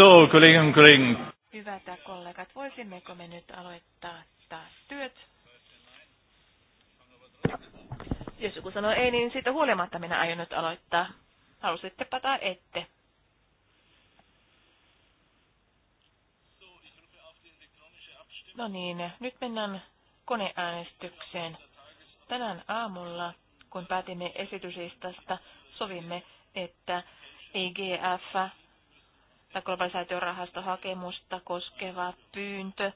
So, Kollegen und Kollegen. Hyvät kollegat, voisimmeko me nyt aloittaa taas työt? Jos joku sanoo ei, niin siitä huolimatta minä aion nyt aloittaa. Halusittepa tai ette. No niin, nyt mennään koneäänestykseen. Tänään aamulla, kun päätimme esityslistasta, sovimme, että EGF tai globalisaatiorahastohakemusta koskeva pyyntö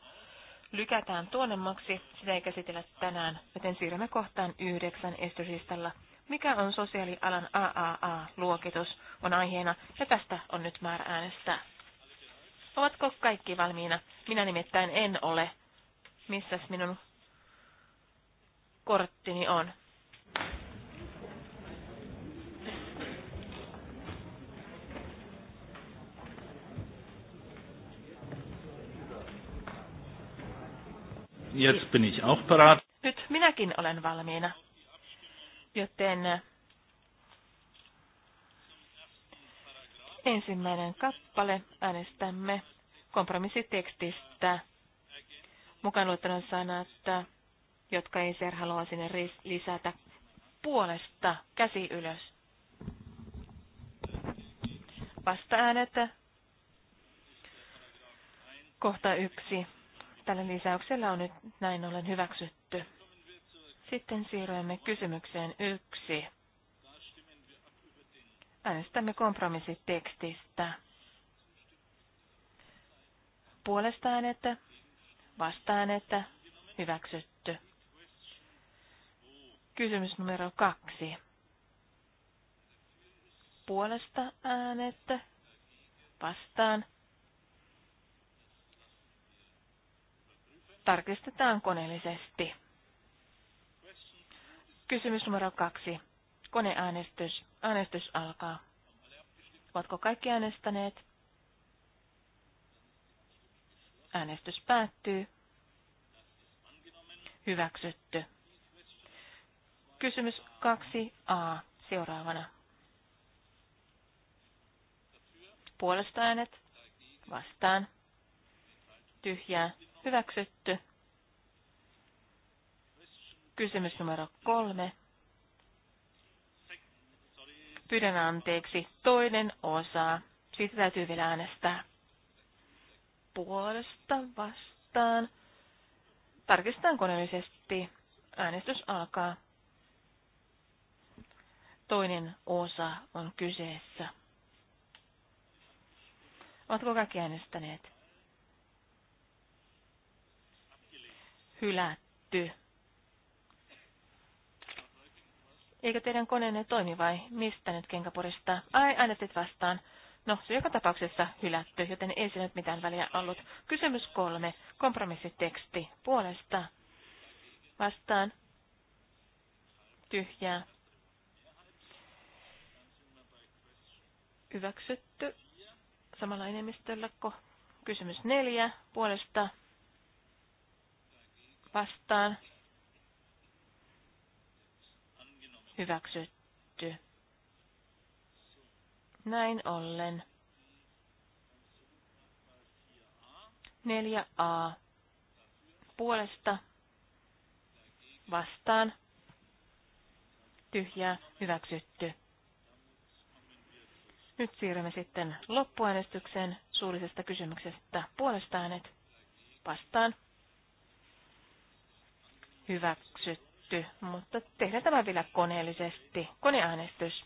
lykätään tuonemmaksi. Sitä ei käsitellä tänään, joten siirrymme kohtaan yhdeksän esityslistalla. Mikä on sosiaalialan AAA-luokitus on aiheena ja tästä on nyt määrä äänestää. Ovatko kaikki valmiina? Minä nimittäin en ole. Missäs minun korttini on? Jetzt bin ich auch parat. Nyt minäkin olen valmiina. Joten äh, ensimmäinen kappale äänestämme kompromissitekstistä mukaan luettuna sanat, jotka Iser haluaa sinne lisätä puolesta käsi ylös. Vasta äänet. Kohta yksi Tällä lisäyksellä on nyt näin ollen hyväksytty. Sitten siirrymme kysymykseen yksi. Äänestämme kompromissitekstistä. Puolesta äänettä, vasta äänettä, hyväksytty. Kysymys numero kaksi. Puolesta äänettä, vastaan, tarkistetaan koneellisesti. Kysymys numero kaksi. Koneäänestys. Äänestys alkaa. Ovatko kaikki äänestäneet? Äänestys päättyy. Hyväksytty. Kysymys 2a seuraavana. Puolesta äänet. Vastaan. Tyhjää. Hyväksytty. Kysymys numero kolme. Pyydän anteeksi. Toinen osa. Siitä täytyy vielä äänestää. Puolesta vastaan. Tarkistetaan koneellisesti. Äänestys alkaa. Toinen osa on kyseessä. Oletko kaikki äänestäneet? hylätty. Eikö teidän koneenne toimi vai mistä nyt kenkä Ai, äänestit vastaan. No, se joka tapauksessa hylätty, joten ei se nyt mitään väliä ollut. Kysymys kolme. Kompromissiteksti. Puolesta. Vastaan. Tyhjää. Hyväksytty. Samalla enemmistöllä Kysymys neljä. Puolesta vastaan hyväksytty. Näin ollen. 4a puolesta vastaan tyhjää hyväksytty. Nyt siirrymme sitten loppuäänestykseen suullisesta kysymyksestä puolesta äänet vastaan hyväksytty, mutta tehdään tämä vielä koneellisesti. Koneäänestys.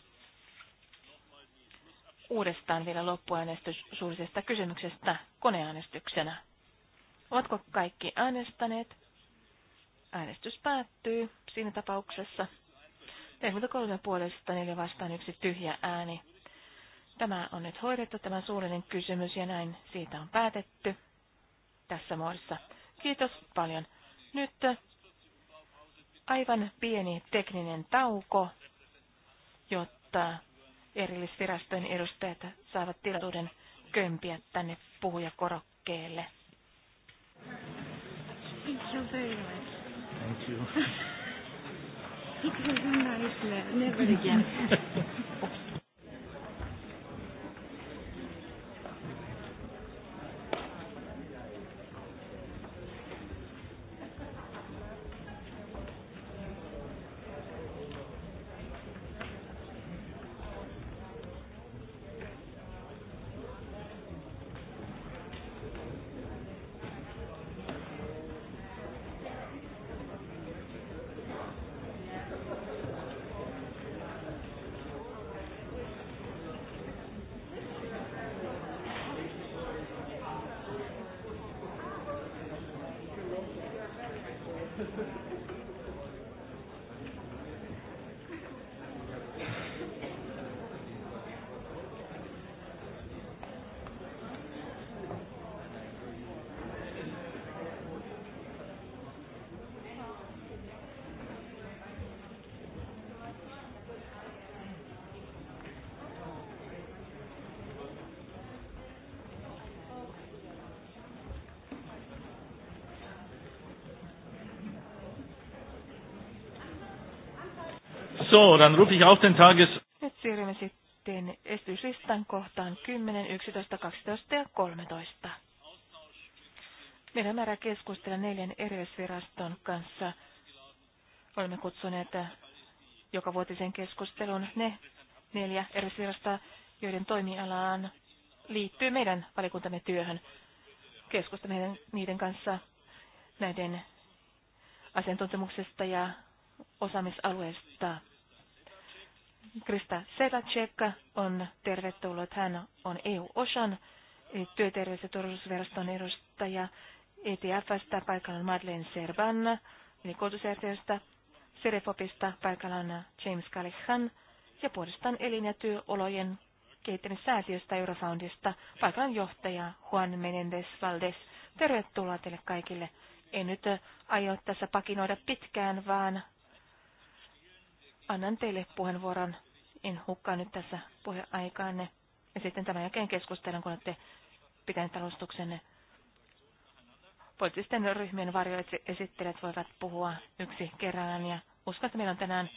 Uudestaan vielä loppuäänestys suullisesta kysymyksestä koneäänestyksenä. Ovatko kaikki äänestäneet? Äänestys päättyy siinä tapauksessa. 43 puolesta 4 vastaan yksi tyhjä ääni. Tämä on nyt hoidettu, tämä suullinen kysymys, ja näin siitä on päätetty tässä muodossa. Kiitos paljon. Nyt aivan pieni tekninen tauko, jotta erillisvirastojen edustajat saavat tilaisuuden kömpiä tänne puhujakorokkeelle. Thank you very much. Thank you. It was a nice Never again. So, dann rufe ich auf den Tages... Nyt siirrymme sitten esityslistan kohtaan 10, 11, 12 ja 13. Meidän määrä keskustella neljän erillisviraston kanssa. Olemme kutsuneet joka vuotisen keskustelun ne neljä erillisvirastoa, joiden toimialaan liittyy meidän valikuntamme työhön. Keskustelemme niiden kanssa näiden asiantuntemuksesta ja osaamisalueesta. Krista Sedacek on tervetullut. Hän on EU-osan e, työterveys- ja turvallisuusveraston edustaja ETFstä paikalla Madeleine Servan, eli koulutusjärjestöstä, Serefopista paikallaan James Callihan ja puolestaan elin- ja työolojen kehittämissäätiöstä Eurofoundista paikan johtaja Juan Menendez Valdes. Tervetuloa teille kaikille. En nyt aio tässä pakinoida pitkään, vaan annan teille puheenvuoron en hukkaa nyt tässä puheaikaanne. Ja sitten tämän jälkeen keskustelen, kun olette pitäneet alustuksenne. Poliittisten ryhmien esittelijät voivat puhua yksi kerran ja uskon, että meillä on tänään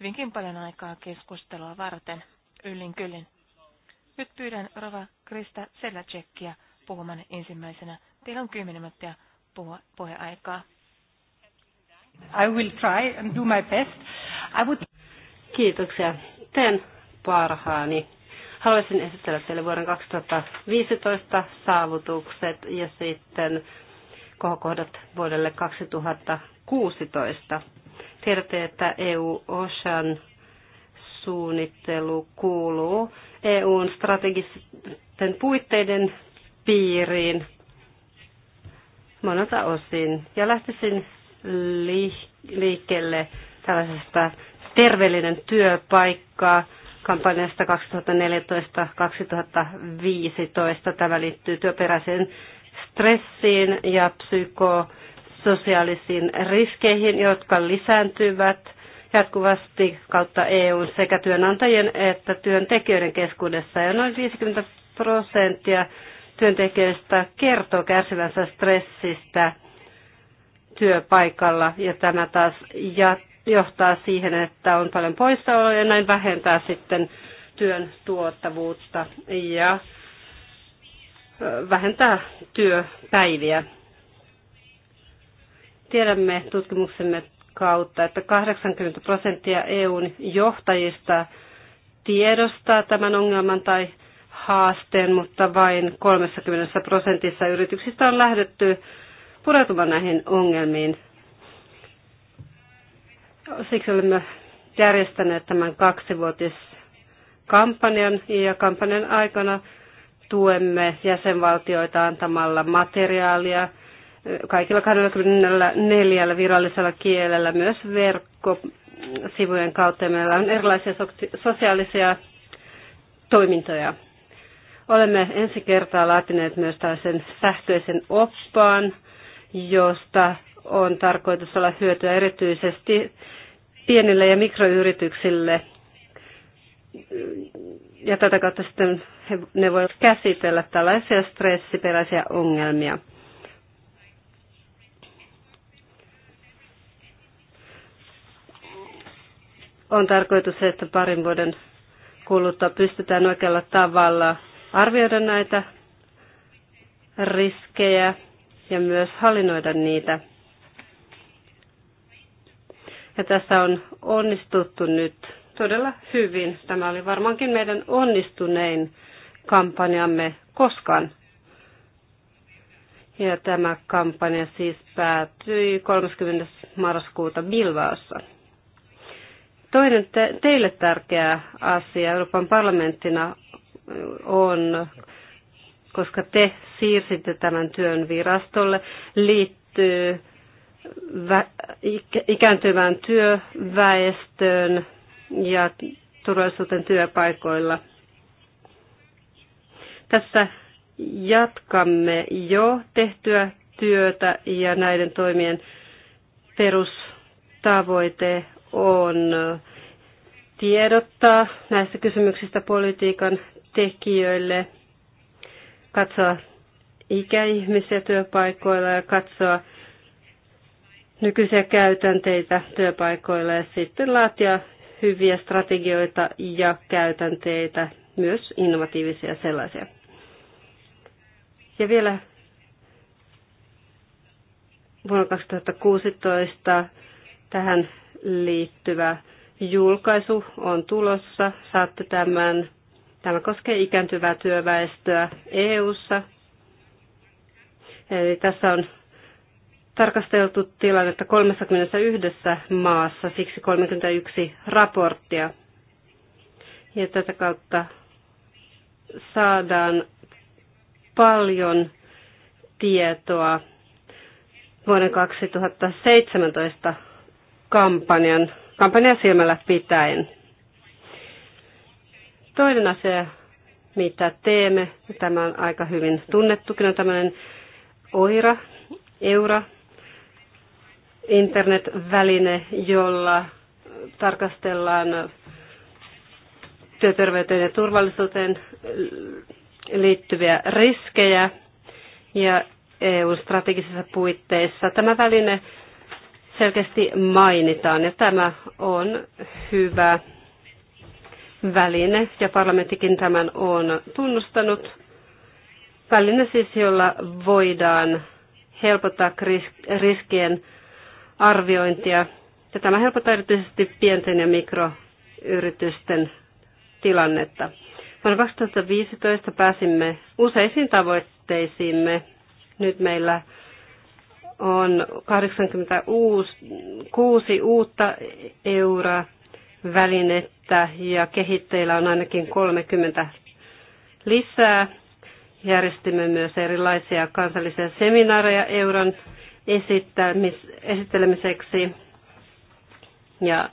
hyvinkin paljon aikaa keskustelua varten yllin kyllin. Nyt pyydän Rova Krista Selacekia puhumaan ensimmäisenä. Teillä on kymmenen minuuttia puheaikaa. I will try and do my best. I would... Kiitoksia sitten parhaani. Haluaisin esitellä teille vuoden 2015 saavutukset ja sitten kohokohdat vuodelle 2016. Tiedätte, että eu Ocean suunnittelu kuuluu EUn strategisten puitteiden piiriin monelta osin. Ja lähtisin liikkeelle tällaisesta terveellinen työpaikka kampanjasta 2014-2015. Tämä liittyy työperäiseen stressiin ja psykososiaalisiin riskeihin, jotka lisääntyvät jatkuvasti kautta EUn sekä työnantajien että työntekijöiden keskuudessa. Ja noin 50 prosenttia työntekijöistä kertoo kärsivänsä stressistä työpaikalla ja tämä taas jat- johtaa siihen, että on paljon poissaoloja ja näin vähentää sitten työn tuottavuutta ja vähentää työpäiviä. Tiedämme tutkimuksemme kautta, että 80 prosenttia EUn johtajista tiedostaa tämän ongelman tai haasteen, mutta vain 30 prosentissa yrityksistä on lähdetty pureutumaan näihin ongelmiin Siksi olemme järjestäneet tämän kaksivuotiskampanjan ja kampanjan aikana tuemme jäsenvaltioita antamalla materiaalia kaikilla 24 virallisella kielellä myös verkkosivujen kautta. Meillä on erilaisia sosiaalisia toimintoja. Olemme ensi kertaa laatineet myös tällaisen sähköisen oppaan, josta on tarkoitus olla hyötyä erityisesti pienille ja mikroyrityksille. Ja tätä kautta sitten he, ne voivat käsitellä tällaisia stressiperäisiä ongelmia. On tarkoitus, että parin vuoden kuluttua pystytään oikealla tavalla arvioida näitä riskejä ja myös hallinnoida niitä. Ja tässä on onnistuttu nyt todella hyvin. Tämä oli varmaankin meidän onnistunein kampanjamme koskaan. Ja tämä kampanja siis päättyi 30. marraskuuta Bilvaassa. Toinen te- teille tärkeä asia Euroopan parlamenttina on, koska te siirsitte tämän työn virastolle, liittyy ikääntyvään työväestöön ja turvallisuuteen työpaikoilla. Tässä jatkamme jo tehtyä työtä ja näiden toimien perustavoite on tiedottaa näistä kysymyksistä politiikan tekijöille, katsoa ikäihmisiä työpaikoilla ja katsoa nykyisiä käytänteitä työpaikoille ja sitten laatia hyviä strategioita ja käytänteitä, myös innovatiivisia sellaisia. Ja vielä vuonna 2016 tähän liittyvä julkaisu on tulossa. Saatte tämän. Tämä koskee ikääntyvää työväestöä EU-ssa. Eli tässä on tarkasteltu tilannetta 31 maassa, siksi 31 raporttia. Ja tätä kautta saadaan paljon tietoa vuoden 2017 kampanjan, kampanjan silmällä pitäen. Toinen asia, mitä teemme, tämä on aika hyvin tunnettukin, on tämmöinen OIRA, EURA, internetväline, jolla tarkastellaan työterveyteen ja turvallisuuteen liittyviä riskejä ja EU-strategisissa puitteissa. Tämä väline selkeästi mainitaan ja tämä on hyvä väline ja parlamenttikin tämän on tunnustanut. Väline siis, jolla voidaan helpottaa riskien arviointia. Ja tämä helpottaa erityisesti pienten ja mikroyritysten tilannetta. Vuonna 2015 pääsimme useisiin tavoitteisiimme. Nyt meillä on 86 uutta euroa välinettä ja kehitteillä on ainakin 30 lisää. Järjestimme myös erilaisia kansallisia seminaareja euron esittelemiseksi ja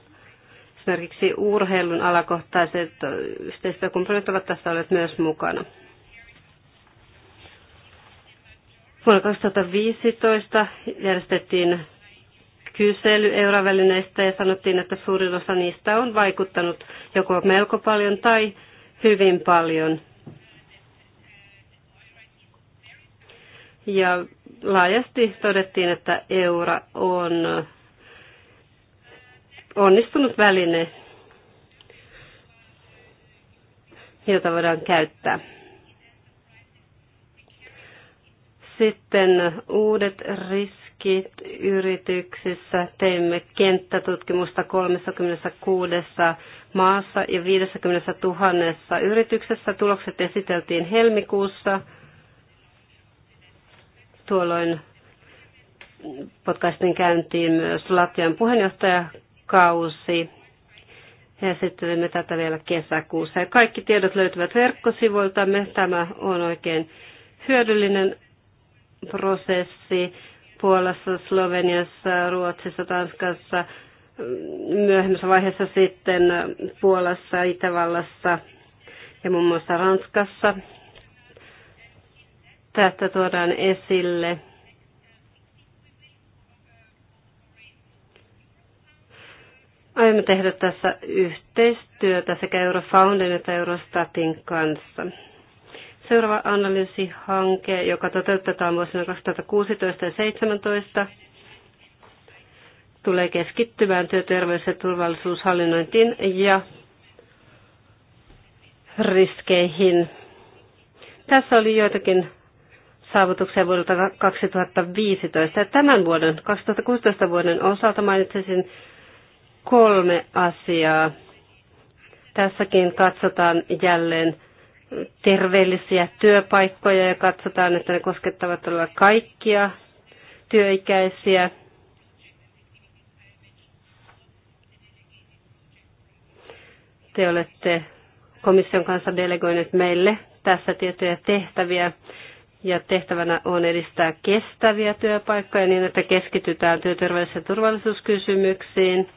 esimerkiksi urheilun alakohtaiset yhteistyökumppanit ovat tässä olleet myös mukana. Vuonna 2015 järjestettiin kysely eurovälineistä ja sanottiin, että suurin osa niistä on vaikuttanut joko melko paljon tai hyvin paljon. Ja laajasti todettiin, että euro on onnistunut väline, jota voidaan käyttää. Sitten uudet riskit yrityksissä. Teimme kenttätutkimusta 36 maassa ja 50 000 yrityksessä. Tulokset esiteltiin helmikuussa. Tuolloin podcastin käyntiin myös Latvian puheenjohtajakausi ja me tätä vielä kesäkuussa. Ja kaikki tiedot löytyvät verkkosivuiltamme. Tämä on oikein hyödyllinen prosessi Puolassa, Sloveniassa, Ruotsissa, Tanskassa, myöhemmässä vaiheessa sitten Puolassa, Itävallassa ja muun muassa Ranskassa tätä tuodaan esille. Aiomme tehdä tässä yhteistyötä sekä Eurofoundin että Eurostatin kanssa. Seuraava analyysihanke, joka toteutetaan vuosina 2016 ja 2017, tulee keskittymään työterveys- ja turvallisuushallinnointiin ja riskeihin. Tässä oli joitakin saavutuksia vuodelta 2015. tämän vuoden, 2016 vuoden osalta mainitsisin kolme asiaa. Tässäkin katsotaan jälleen terveellisiä työpaikkoja ja katsotaan, että ne koskettavat olla kaikkia työikäisiä. Te olette komission kanssa delegoineet meille tässä tiettyjä tehtäviä ja tehtävänä on edistää kestäviä työpaikkoja niin, että keskitytään työterveys- ja turvallisuuskysymyksiin.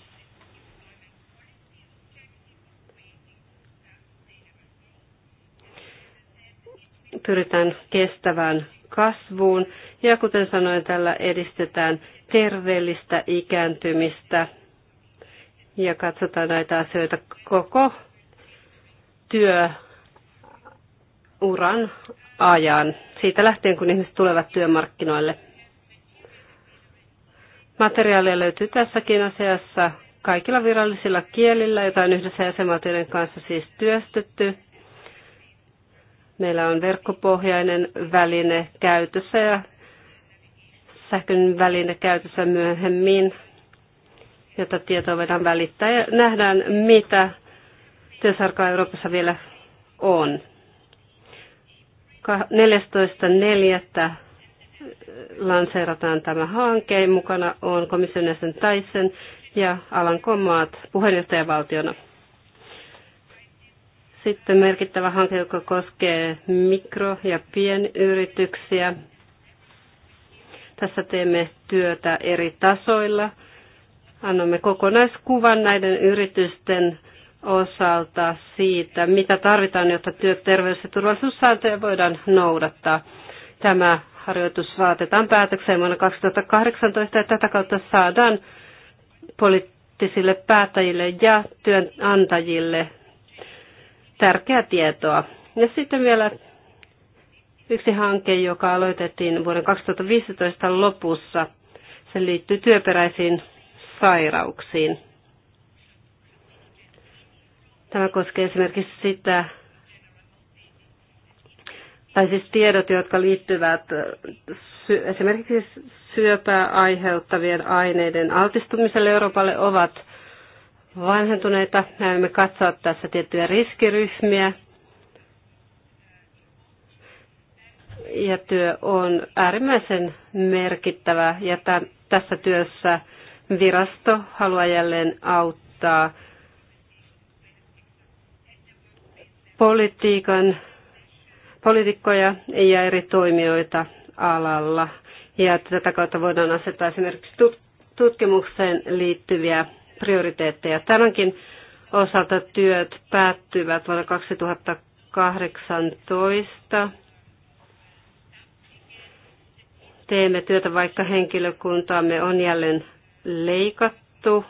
Pyritään kestävään kasvuun ja kuten sanoin, tällä edistetään terveellistä ikääntymistä ja katsotaan näitä asioita koko työ uran ajan, siitä lähtien kun ihmiset tulevat työmarkkinoille. Materiaalia löytyy tässäkin asiassa kaikilla virallisilla kielillä, jota on yhdessä jäsenvaltioiden kanssa siis työstetty. Meillä on verkkopohjainen väline käytössä ja sähkön väline käytössä myöhemmin, jotta tietoa voidaan välittää ja nähdään, mitä työsarkaa Euroopassa vielä on. 14.4. lanseerataan tämä hanke. Mukana on komission jäsen Tyson ja Komaat puheenjohtajavaltiona. Sitten merkittävä hanke, joka koskee mikro- ja pienyrityksiä. Tässä teemme työtä eri tasoilla. Annamme kokonaiskuvan näiden yritysten osalta siitä, mitä tarvitaan, jotta työterveys- ja turvallisuussääntöjä voidaan noudattaa. Tämä harjoitus vaatetaan päätökseen vuonna 2018 ja tätä kautta saadaan poliittisille päättäjille ja työnantajille tärkeää tietoa. Ja sitten vielä yksi hanke, joka aloitettiin vuoden 2015 lopussa. Se liittyy työperäisiin sairauksiin. Tämä koskee esimerkiksi sitä, tai siis tiedot, jotka liittyvät esimerkiksi syöpää aiheuttavien aineiden altistumiselle Euroopalle ovat vanhentuneita. Näemme katsoa tässä tiettyjä riskiryhmiä. Ja työ on äärimmäisen merkittävä ja tässä työssä virasto haluaa jälleen auttaa politiikan, poliitikkoja ja eri toimijoita alalla. Ja tätä kautta voidaan asettaa esimerkiksi tutkimukseen liittyviä prioriteetteja. Tämänkin osalta työt päättyvät vuonna 2018. Teemme työtä, vaikka henkilökuntaamme on jälleen leikattu.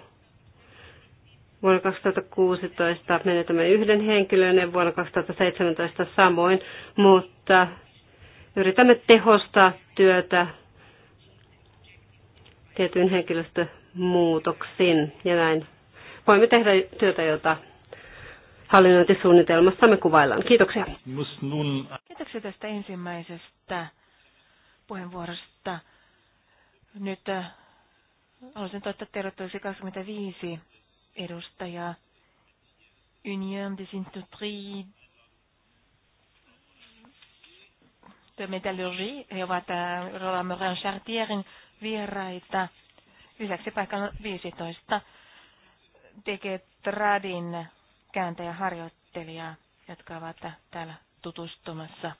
Vuonna 2016 menetämme yhden henkilön ja vuonna 2017 samoin, mutta yritämme tehostaa työtä tietyn henkilöstömuutoksin ja näin. Voimme tehdä työtä, jota hallinnointisuunnitelmassamme kuvaillaan. Kiitoksia. Kiitoksia tästä ensimmäisestä puheenvuorosta. Nyt äh, haluaisin toivottaa tervetulleeksi 25 edustaja Union des Industries de Metallurgie. He ovat äh, Roland Morin Chartierin vieraita. Lisäksi paikalla 15 Tradin kääntäjäharjoittelijaa, jotka ovat täällä tutustumassa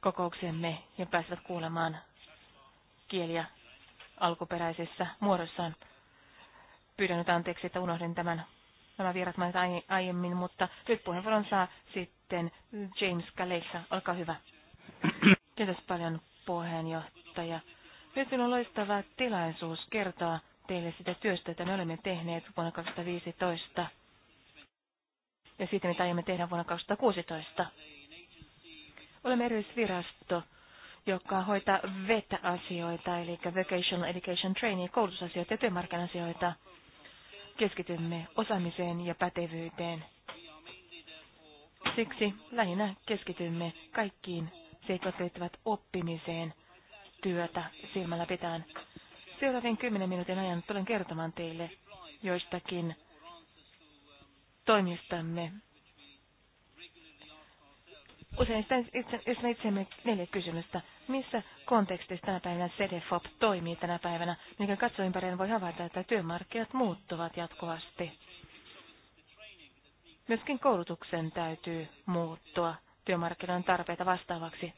kokouksemme ja pääsevät kuulemaan kieliä alkuperäisessä muodossaan. Pyydän nyt anteeksi, että unohdin tämän, nämä vierat mainita aiemmin, mutta nyt puheenvuoron saa sitten James Kaleissa. Olkaa hyvä. Kiitos paljon puheenjohtaja. Nyt on loistava tilaisuus kertoa teille sitä työstä, jota me olemme tehneet vuonna 2015 ja siitä, mitä aiemmin tehdään vuonna 2016. Olemme erillisvirasto, joka hoitaa VET-asioita, eli Vocational Education Training, koulutusasioita ja työmarkkinasioita keskitymme osaamiseen ja pätevyyteen. Siksi lähinnä keskitymme kaikkiin seikot liittyvät oppimiseen työtä silmällä pitään. Seuraavien kymmenen minuutin ajan tulen kertomaan teille joistakin toimistamme Usein sitä itse, itseämme neljä kysymystä. Missä kontekstissa tänä päivänä CDFOP toimii tänä päivänä? Mikä katsoo voi havaita, että työmarkkinat muuttuvat jatkuvasti. Myöskin koulutuksen täytyy muuttua työmarkkinoiden tarpeita vastaavaksi.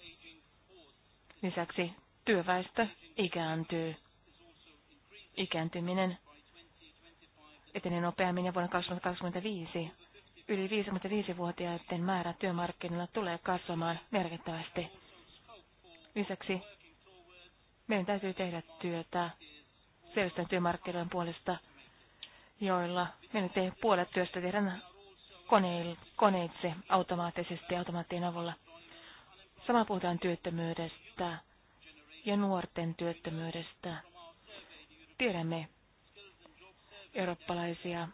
Lisäksi työväestö ikääntyy. Ikääntyminen etenee nopeammin ja vuonna 2025 yli 55-vuotiaiden määrä työmarkkinoilla tulee kasvamaan merkittävästi. Lisäksi meidän täytyy tehdä työtä sellaisten työmarkkinoiden puolesta, joilla meidän te puolet työstä tehdään koneil, koneitse automaattisesti automaattien avulla. Sama puhutaan työttömyydestä ja nuorten työttömyydestä. Tiedämme eurooppalaisia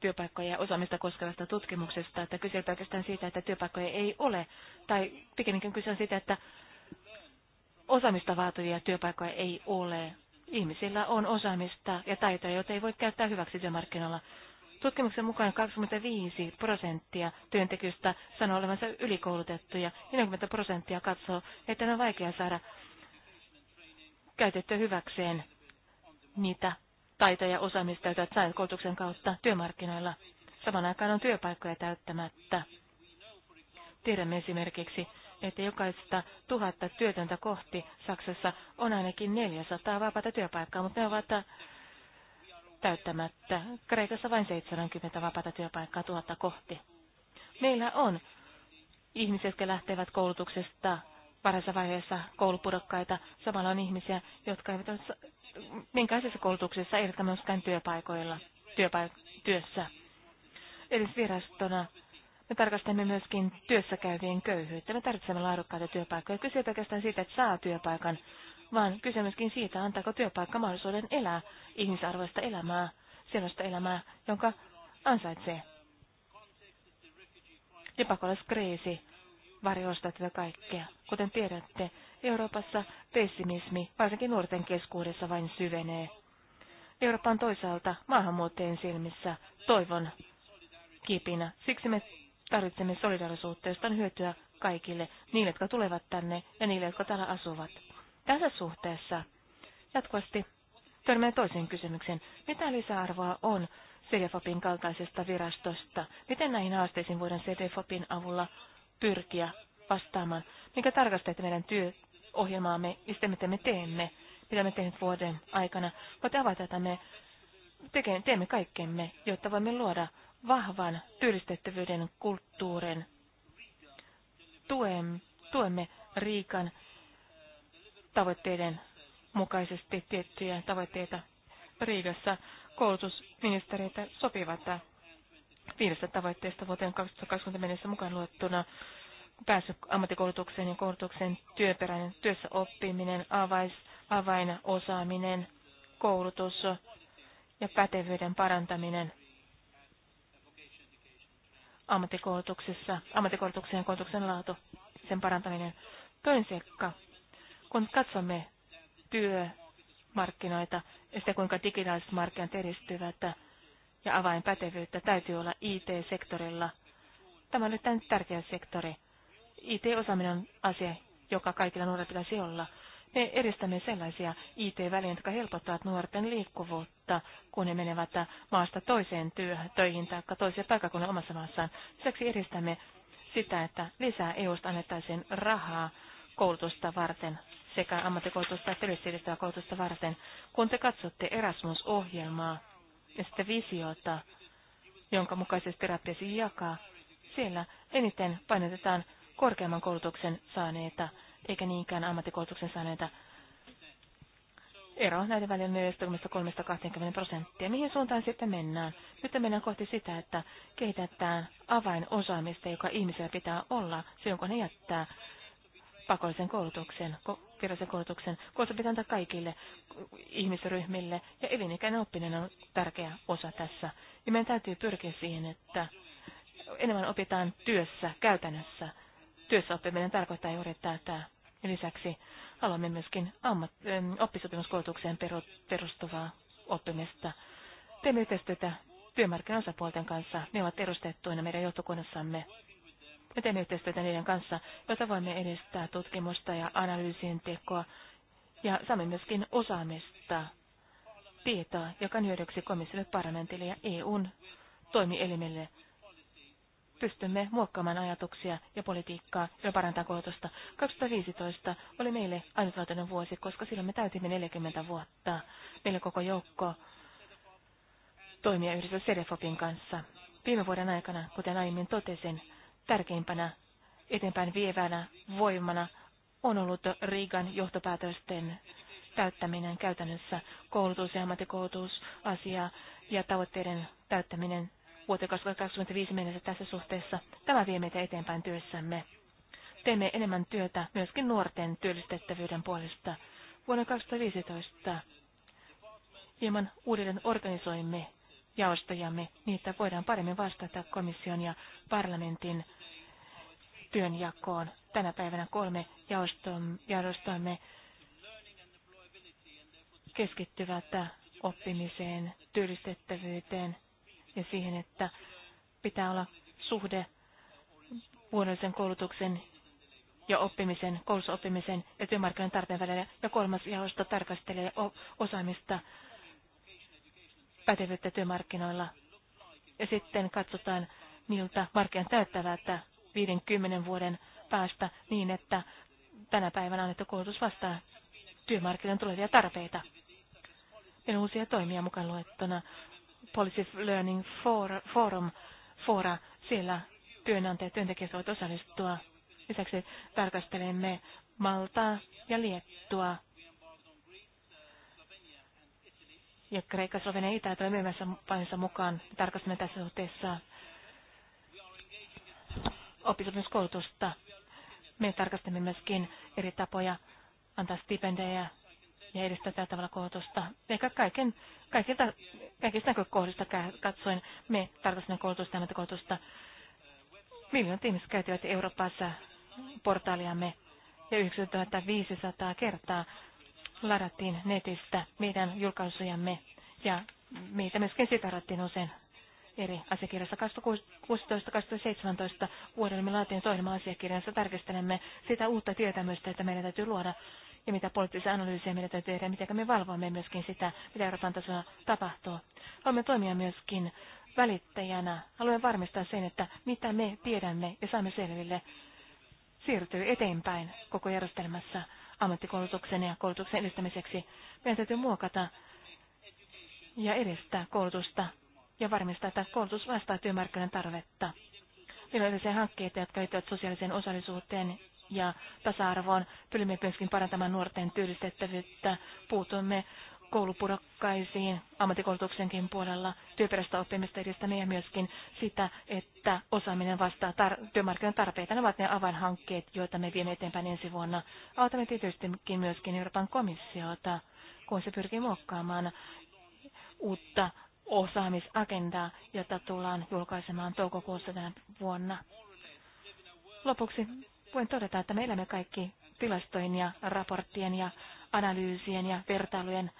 työpaikkoja ja osaamista koskevasta tutkimuksesta, että kyse pelkästään siitä, että työpaikkoja ei ole, tai pikemminkin kyse on siitä, että osaamista vaativia työpaikkoja ei ole. Ihmisillä on osaamista ja taitoja, joita ei voi käyttää hyväksi työmarkkinoilla. Tutkimuksen mukaan 25 prosenttia työntekijöistä sanoo olevansa ylikoulutettuja, 40 prosenttia katsoo, että on vaikea saada käytettyä hyväkseen niitä taitoja ja osaamista, joita sain koulutuksen kautta työmarkkinoilla. Saman aikaan on työpaikkoja täyttämättä. Tiedämme esimerkiksi, että jokaista tuhatta työtöntä kohti Saksassa on ainakin 400 vapaata työpaikkaa, mutta ne ovat täyttämättä. Kreikassa vain 70 vapaata työpaikkaa tuhatta kohti. Meillä on ihmiset, jotka lähtevät koulutuksesta parhaassa vaiheessa koulupudokkaita. Samalla on ihmisiä, jotka eivät ole minkälaisessa koulutuksessa eivätkä myöskään työpaikoilla, työpa, työssä. virastona? me tarkastamme myöskin työssä käyvien köyhyyttä. Me tarvitsemme laadukkaita työpaikkoja. Kyse pelkästään siitä, että saa työpaikan, vaan kyse myöskin siitä, antaako työpaikka mahdollisuuden elää ihmisarvoista elämää, sellaista elämää, jonka ansaitsee. Ja pakolaiskriisi varjostaa tätä kaikkea. Kuten tiedätte, Euroopassa pessimismi, varsinkin nuorten keskuudessa, vain syvenee. Euroopan toisaalta maahanmuuttajien silmissä toivon kipinä. Siksi me tarvitsemme solidarisuutta, josta on hyötyä kaikille, niille, jotka tulevat tänne ja niille, jotka täällä asuvat. Tässä suhteessa jatkuvasti törmää toiseen kysymykseen. Mitä lisäarvoa on CDFOPin kaltaisesta virastosta? Miten näihin haasteisiin voidaan CDFOPin avulla pyrkiä vastaamaan? Mikä tarkastaa, että meidän työ, ohjelmaamme ja sitä, mitä me teemme, mitä me teemme vuoden aikana. Voitte avata, että me tekee, teemme kaikkemme, jotta voimme luoda vahvan työllistettävyyden kulttuurin. Tuemme, tuemme Riikan tavoitteiden mukaisesti tiettyjä tavoitteita. Riikassa koulutusministeriöitä sopivat viidestä tavoitteesta vuoteen 2020 mennessä mukaan luettuna pääsy ammattikoulutukseen ja koulutuksen työperäinen työssä oppiminen, avais, osaaminen, koulutus ja pätevyyden parantaminen ammattikoulutuksessa, ammattikoulutuksen ja koulutuksen laatu, sen parantaminen. Toinen seikka, kun katsomme työmarkkinoita ja sitä, kuinka digitaaliset markkinat edistyvät ja avainpätevyyttä täytyy olla IT-sektorilla. Tämä on nyt tärkeä sektori IT-osaaminen on asia, joka kaikilla nuorilla pitäisi olla. Me edistämme sellaisia IT-välineitä, jotka helpottavat nuorten liikkuvuutta, kun he menevät maasta toiseen työhön, töihin tai toiseen paikkakunnan omassa maassaan. Seksi edistämme sitä, että lisää EUsta annettaisiin rahaa koulutusta varten sekä ammattikoulutusta että yleissivistävää koulutusta varten. Kun te katsotte Erasmus-ohjelmaa ja sitä visiota, jonka mukaisesti terapiasi jakaa, siellä eniten painotetaan korkeamman koulutuksen saaneita, eikä niinkään ammattikoulutuksen saaneita. Ero näiden välillä 43-20 prosenttia. Mihin suuntaan sitten mennään? Nyt mennään kohti sitä, että kehitetään avainosaamista, joka ihmisellä pitää olla silloin, kun ne jättää pakollisen koulutuksen, virallisen koulutuksen. Koulutus pitää antaa kaikille ihmisryhmille ja elinikäinen oppiminen on tärkeä osa tässä. Ja meidän täytyy pyrkiä siihen, että enemmän opitaan työssä, käytännössä, Työssäoppiminen tarkoittaa juuri tätä. Lisäksi haluamme myöskin ammat, oppisopimuskoulutukseen perustuvaa oppimista. Teemme yhteistyötä työmarkkinaosapuolten kanssa. Ne ovat edustettuina meidän johtokunnassamme. Me teemme yhteistyötä niiden kanssa, jota voimme edistää tutkimusta ja analyysin tekoa ja saamme myöskin osaamista, tietoa, joka on hyödyksi komissiolle, parlamentille ja EUn toimielimille pystymme muokkaamaan ajatuksia ja politiikkaa ja parantaa koulutusta. 2015 oli meille ainutlaatuinen vuosi, koska silloin me täytimme 40 vuotta. Meillä koko joukko toimia yhdessä Sedefopin kanssa. Viime vuoden aikana, kuten aiemmin totesin, tärkeimpänä eteenpäin vievänä voimana on ollut Riigan johtopäätösten täyttäminen käytännössä, koulutus ja ammattikoulutusasia ja tavoitteiden täyttäminen vuoteen 2025 mennessä tässä suhteessa. Tämä vie meitä eteenpäin työssämme. Teemme enemmän työtä myöskin nuorten työllistettävyyden puolesta. Vuonna 2015 hieman uudelleen organisoimme jaostojamme, niin että voidaan paremmin vastata komission ja parlamentin työnjakoon. Tänä päivänä kolme jaostoamme keskittyvät oppimiseen, työllistettävyyteen ja siihen, että pitää olla suhde vuodellisen koulutuksen ja oppimisen, koulussa oppimisen ja työmarkkinoiden tarpeen välillä. Ja kolmas jaosto tarkastelee osaamista pätevyyttä työmarkkinoilla. Ja sitten katsotaan, miltä markkinat täyttävät 50 vuoden päästä niin, että tänä päivänä annettu koulutus vastaa työmarkkinoiden tulevia tarpeita. Ja uusia toimia mukaan luettuna Policy Learning Forum, Fora, siellä työnantajat työntekijät voivat osallistua. Lisäksi tarkastelemme Maltaa ja Liettua. Ja Kreikka, Slovenia ja Itä tulee myöhemmässä vaiheessa mukaan. Tarkastamme tässä suhteessa oppisopimuskoulutusta. Me tarkastamme myöskin eri tapoja antaa stipendejä ja edistää tällä tavalla koulutusta. Ehkä kaiken, kaikilta, kaikista näkökohdista katsoen me tarvitsemme koulutusta ja koulutusta. Miljoonat ihmiset käytivät Euroopassa portaaliamme ja 9500 kertaa ladattiin netistä meidän julkaisujamme ja meitä myöskin sitarattiin usein eri asiakirjassa 2016-2017 vuodelle me laatiin toinen asiakirjansa tarkistelemme sitä uutta tietämystä, että meidän täytyy luoda ja mitä poliittisia analyysiä meidän täytyy tehdä, miten me valvomme myöskin sitä, mitä Euroopan tasolla tapahtuu. Haluamme toimia myöskin välittäjänä. Haluamme varmistaa sen, että mitä me tiedämme ja saamme selville siirtyy eteenpäin koko järjestelmässä ammattikoulutuksen ja koulutuksen edistämiseksi. Meidän täytyy muokata ja edistää koulutusta ja varmistaa, että koulutus vastaa työmarkkinoiden tarvetta. Meillä on erilaisia hankkeita, jotka liittyvät sosiaaliseen osallisuuteen ja tasa-arvoon. Pyrimme myöskin parantamaan nuorten työllistettävyyttä. Puutumme koulupurokkaisiin ammattikoulutuksenkin puolella työperäistä oppimista edistämme ja myöskin sitä, että osaaminen vastaa tar- työmarkkinoiden tarpeita. Ne ovat ne avainhankkeet, joita me viemme eteenpäin ensi vuonna. Autamme tietystikin myöskin Euroopan komissiota, kun se pyrkii muokkaamaan uutta osaamisagendaa, jota tullaan julkaisemaan toukokuussa tänä vuonna. Lopuksi voin todeta, että me elämme kaikki tilastojen ja raporttien ja analyysien ja vertailujen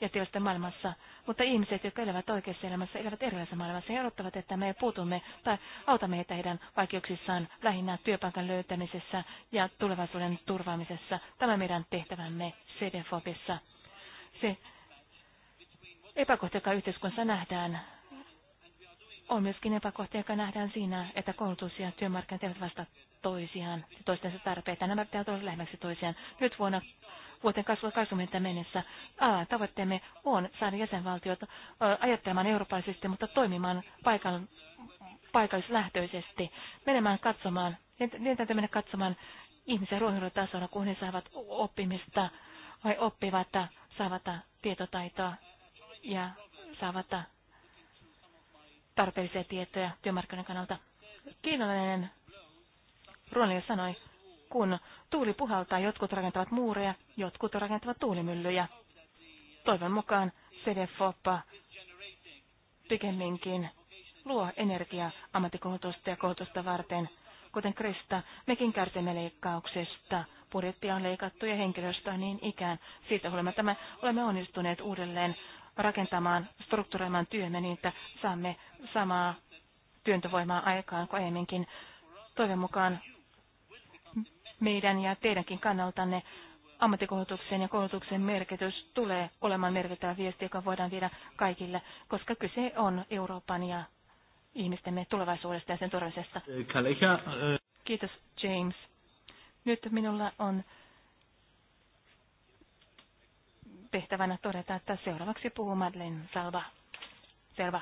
ja tilastojen maailmassa, mutta ihmiset, jotka elävät oikeassa elämässä, elävät erilaisessa maailmassa He odottavat, että me puutumme tai autamme heitä heidän vaikeuksissaan lähinnä työpaikan löytämisessä ja tulevaisuuden turvaamisessa. Tämä meidän tehtävämme CDFOBissa. Se epäkohta, joka yhteiskunnassa nähdään, on myöskin epäkohta, joka nähdään siinä, että koulutus ja työmarkkinat eivät vastaa toisiaan, toistensa tarpeita. Nämä pitää olla lähemmäksi toisiaan. Nyt vuonna vuoteen 2020 mennessä ää, tavoitteemme on saada jäsenvaltiot ajattelemaan eurooppalaisesti, mutta toimimaan paikan, paikallislähtöisesti, menemään katsomaan, niin täytyy mennä katsomaan ihmisen ruohonjuuritasolla, kun he saavat oppimista vai oppivat, saavat tietotaitoa ja saavat tarpeellisia tietoja työmarkkinoiden kannalta. Kiinalainen Ruolia sanoi, kun tuuli puhaltaa, jotkut rakentavat muureja, jotkut rakentavat tuulimyllyjä. Toivon mukaan CDFOPA pikemminkin luo energiaa ammattikoulutusta ja koulutusta varten. Kuten Krista, mekin kärsimme leikkauksesta. Budjettia on leikattu ja henkilöstöä niin ikään. Siitä huolimatta me olemme onnistuneet uudelleen rakentamaan, strukturoimaan työmme niin, että saamme samaa työntövoimaa aikaan kuin aiemminkin. Toivon mukaan meidän ja teidänkin kannaltanne ammattikoulutuksen ja koulutuksen merkitys tulee olemaan merkittävä viesti, joka voidaan viedä kaikille, koska kyse on Euroopan ja ihmistemme tulevaisuudesta ja sen turvallisesta. Äh. Kiitos James. Nyt minulla on tehtävänä todeta, että seuraavaksi puhuu Madeleine Salva. Selvä.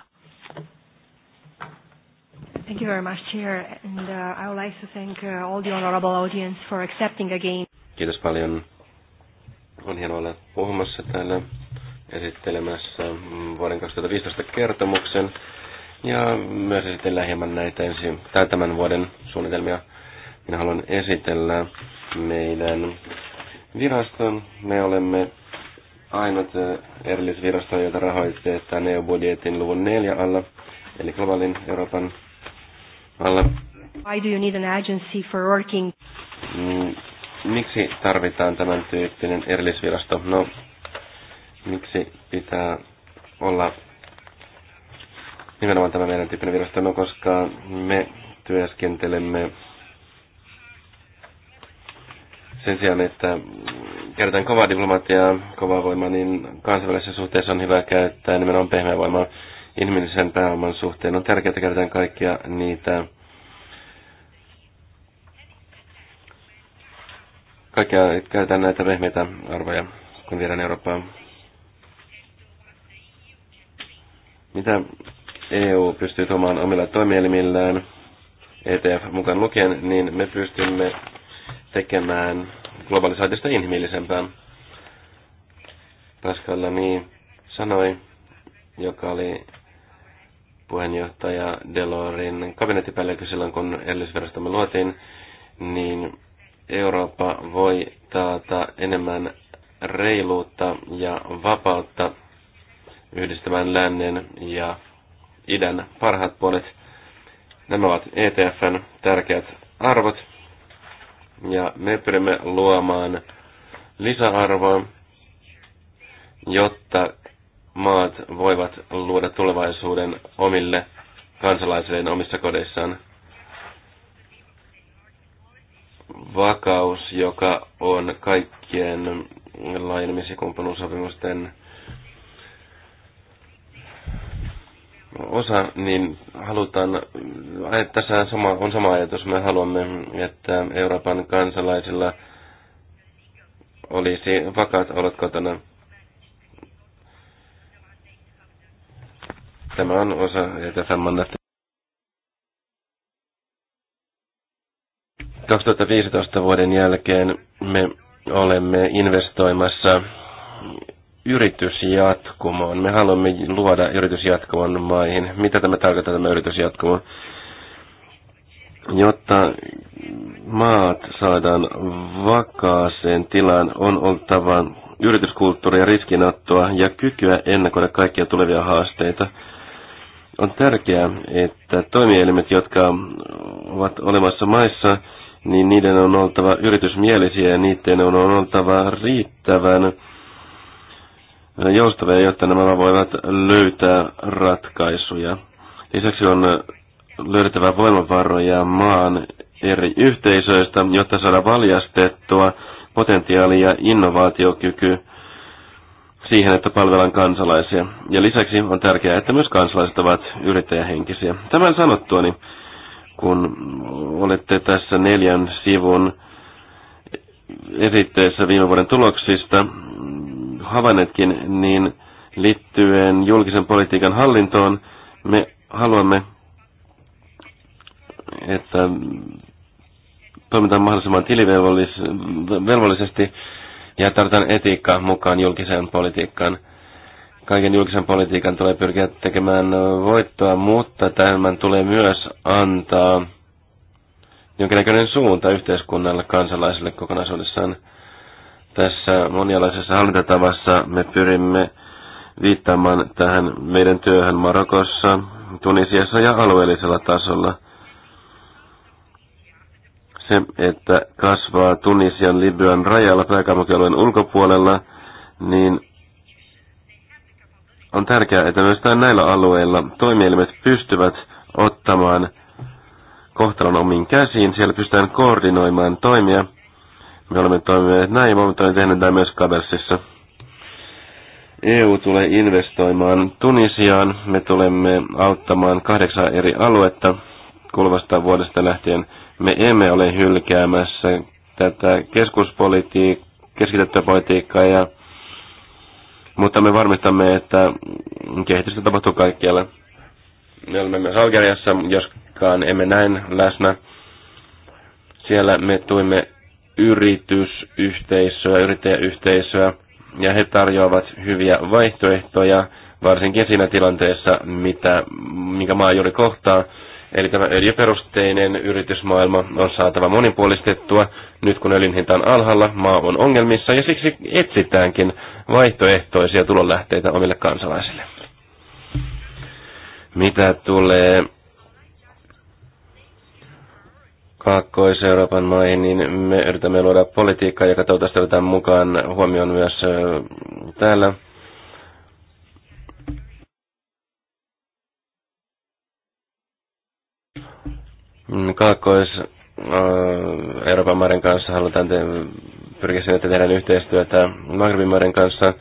Thank you very much, Chair. And uh, I would like to thank uh, all the honorable audience for accepting again. Kiitos paljon. On hienoa olla puhumassa täällä esittelemässä vuoden 2015 kertomuksen ja myös esitellään hieman näitä ensi, tai tämän vuoden suunnitelmia. Minä haluan esitellä meidän viraston. Me olemme ainut äh, erillisvirasto, jota rahoitetaan EU-budjetin luvun neljä alla, eli globaalin Euroopan alla. Why do you need an agency for working? Mm, miksi tarvitaan tämän tyyppinen erillisvirasto? No, miksi pitää olla nimenomaan tämä meidän tyyppinen virasto? No, koska me työskentelemme sen sijaan, että käytetään kovaa diplomatiaa, kovaa voimaa, niin kansainvälisessä suhteessa on hyvä käyttää nimenomaan pehmeä voimaa inhimillisen pääoman suhteen. On tärkeää, että käytetään kaikkia niitä kaikkia, käytetään näitä vehmeitä arvoja, kun viedään Eurooppaan. Mitä EU pystyy tuomaan omilla toimielimillään, ETF mukaan lukien, niin me pystymme tekemään globalisaatiosta inhimillisempää. Pascal Lamy sanoi, joka oli puheenjohtaja Delorin kabinettipäällikkö silloin, kun me luotiin, niin Eurooppa voi taata enemmän reiluutta ja vapautta yhdistämään lännen ja idän parhaat puolet. Nämä ovat ETFn tärkeät arvot ja me pyrimme luomaan lisäarvoa, jotta maat voivat luoda tulevaisuuden omille kansalaisilleen omissa kodeissaan. Vakaus, joka on kaikkien laajenemis- ja kumppanuussopimusten osa, niin halutaan, tässä on sama, on sama ajatus, me haluamme, että Euroopan kansalaisilla olisi vakaat olot kotona – Tämä on osa tätä mandaattia. 2015 vuoden jälkeen me olemme investoimassa yritysjatkumoon. Me haluamme luoda yritysjatkumon maihin. Mitä tämä tarkoittaa tämä yritysjatkumo? Jotta maat saadaan vakaaseen tilaan, on oltava yrityskulttuuria, riskinottoa ja kykyä ennakoida kaikkia tulevia haasteita – on tärkeää, että toimielimet, jotka ovat olemassa maissa, niin niiden on oltava yritysmielisiä ja niiden on oltava riittävän joustavia, jotta nämä voivat löytää ratkaisuja. Lisäksi on löydettävä voimavaroja maan eri yhteisöistä, jotta saada valjastettua potentiaali ja innovaatiokyky siihen, että palvellaan kansalaisia. Ja lisäksi on tärkeää, että myös kansalaiset ovat yrittäjähenkisiä. Tämän sanottuani, kun olette tässä neljän sivun esitteessä viime vuoden tuloksista havainneetkin, niin liittyen julkisen politiikan hallintoon me haluamme, että toimitaan mahdollisimman tilivelvollisesti ja tarvitaan etiikkaa mukaan julkiseen politiikkaan. Kaiken julkisen politiikan tulee pyrkiä tekemään voittoa, mutta tämän tulee myös antaa jonkinnäköinen suunta yhteiskunnalle, kansalaisille kokonaisuudessaan. Tässä monialaisessa hallintatavassa me pyrimme viittaamaan tähän meidän työhön Marokossa, Tunisiassa ja alueellisella tasolla se, että kasvaa Tunisian Libyan rajalla pääkaupunkialueen ulkopuolella, niin on tärkeää, että myös näillä alueilla toimielimet pystyvät ottamaan kohtalon omiin käsiin. Siellä pystytään koordinoimaan toimia. Me olemme toimineet näin ja me olemme tehneet myös Kabersissa. EU tulee investoimaan Tunisiaan. Me tulemme auttamaan kahdeksan eri aluetta kuluvasta vuodesta lähtien – me emme ole hylkäämässä tätä keskuspolitiikkaa, keskitettyä politiikkaa, ja, mutta me varmistamme, että kehitystä tapahtuu kaikkialla. Me olemme myös Algeriassa, joskaan emme näin läsnä. Siellä me tuimme yritysyhteisöä, yrittäjäyhteisöä, ja he tarjoavat hyviä vaihtoehtoja, varsinkin siinä tilanteessa, mitä, minkä maa juuri kohtaa, Eli tämä öljyperusteinen yritysmaailma on saatava monipuolistettua. Nyt kun öljyn hinta on alhaalla, maa on ongelmissa ja siksi etsitäänkin vaihtoehtoisia tulonlähteitä omille kansalaisille. Mitä tulee Kaakkois-Euroopan maihin, niin me yritämme luoda politiikkaa, joka toivottavasti otetaan mukaan huomioon myös täällä Mm, Kaakkois Euroopan maiden kanssa halutaan te, pyrkiä sinne, että tehdään yhteistyötä Maghrebin maiden kanssa.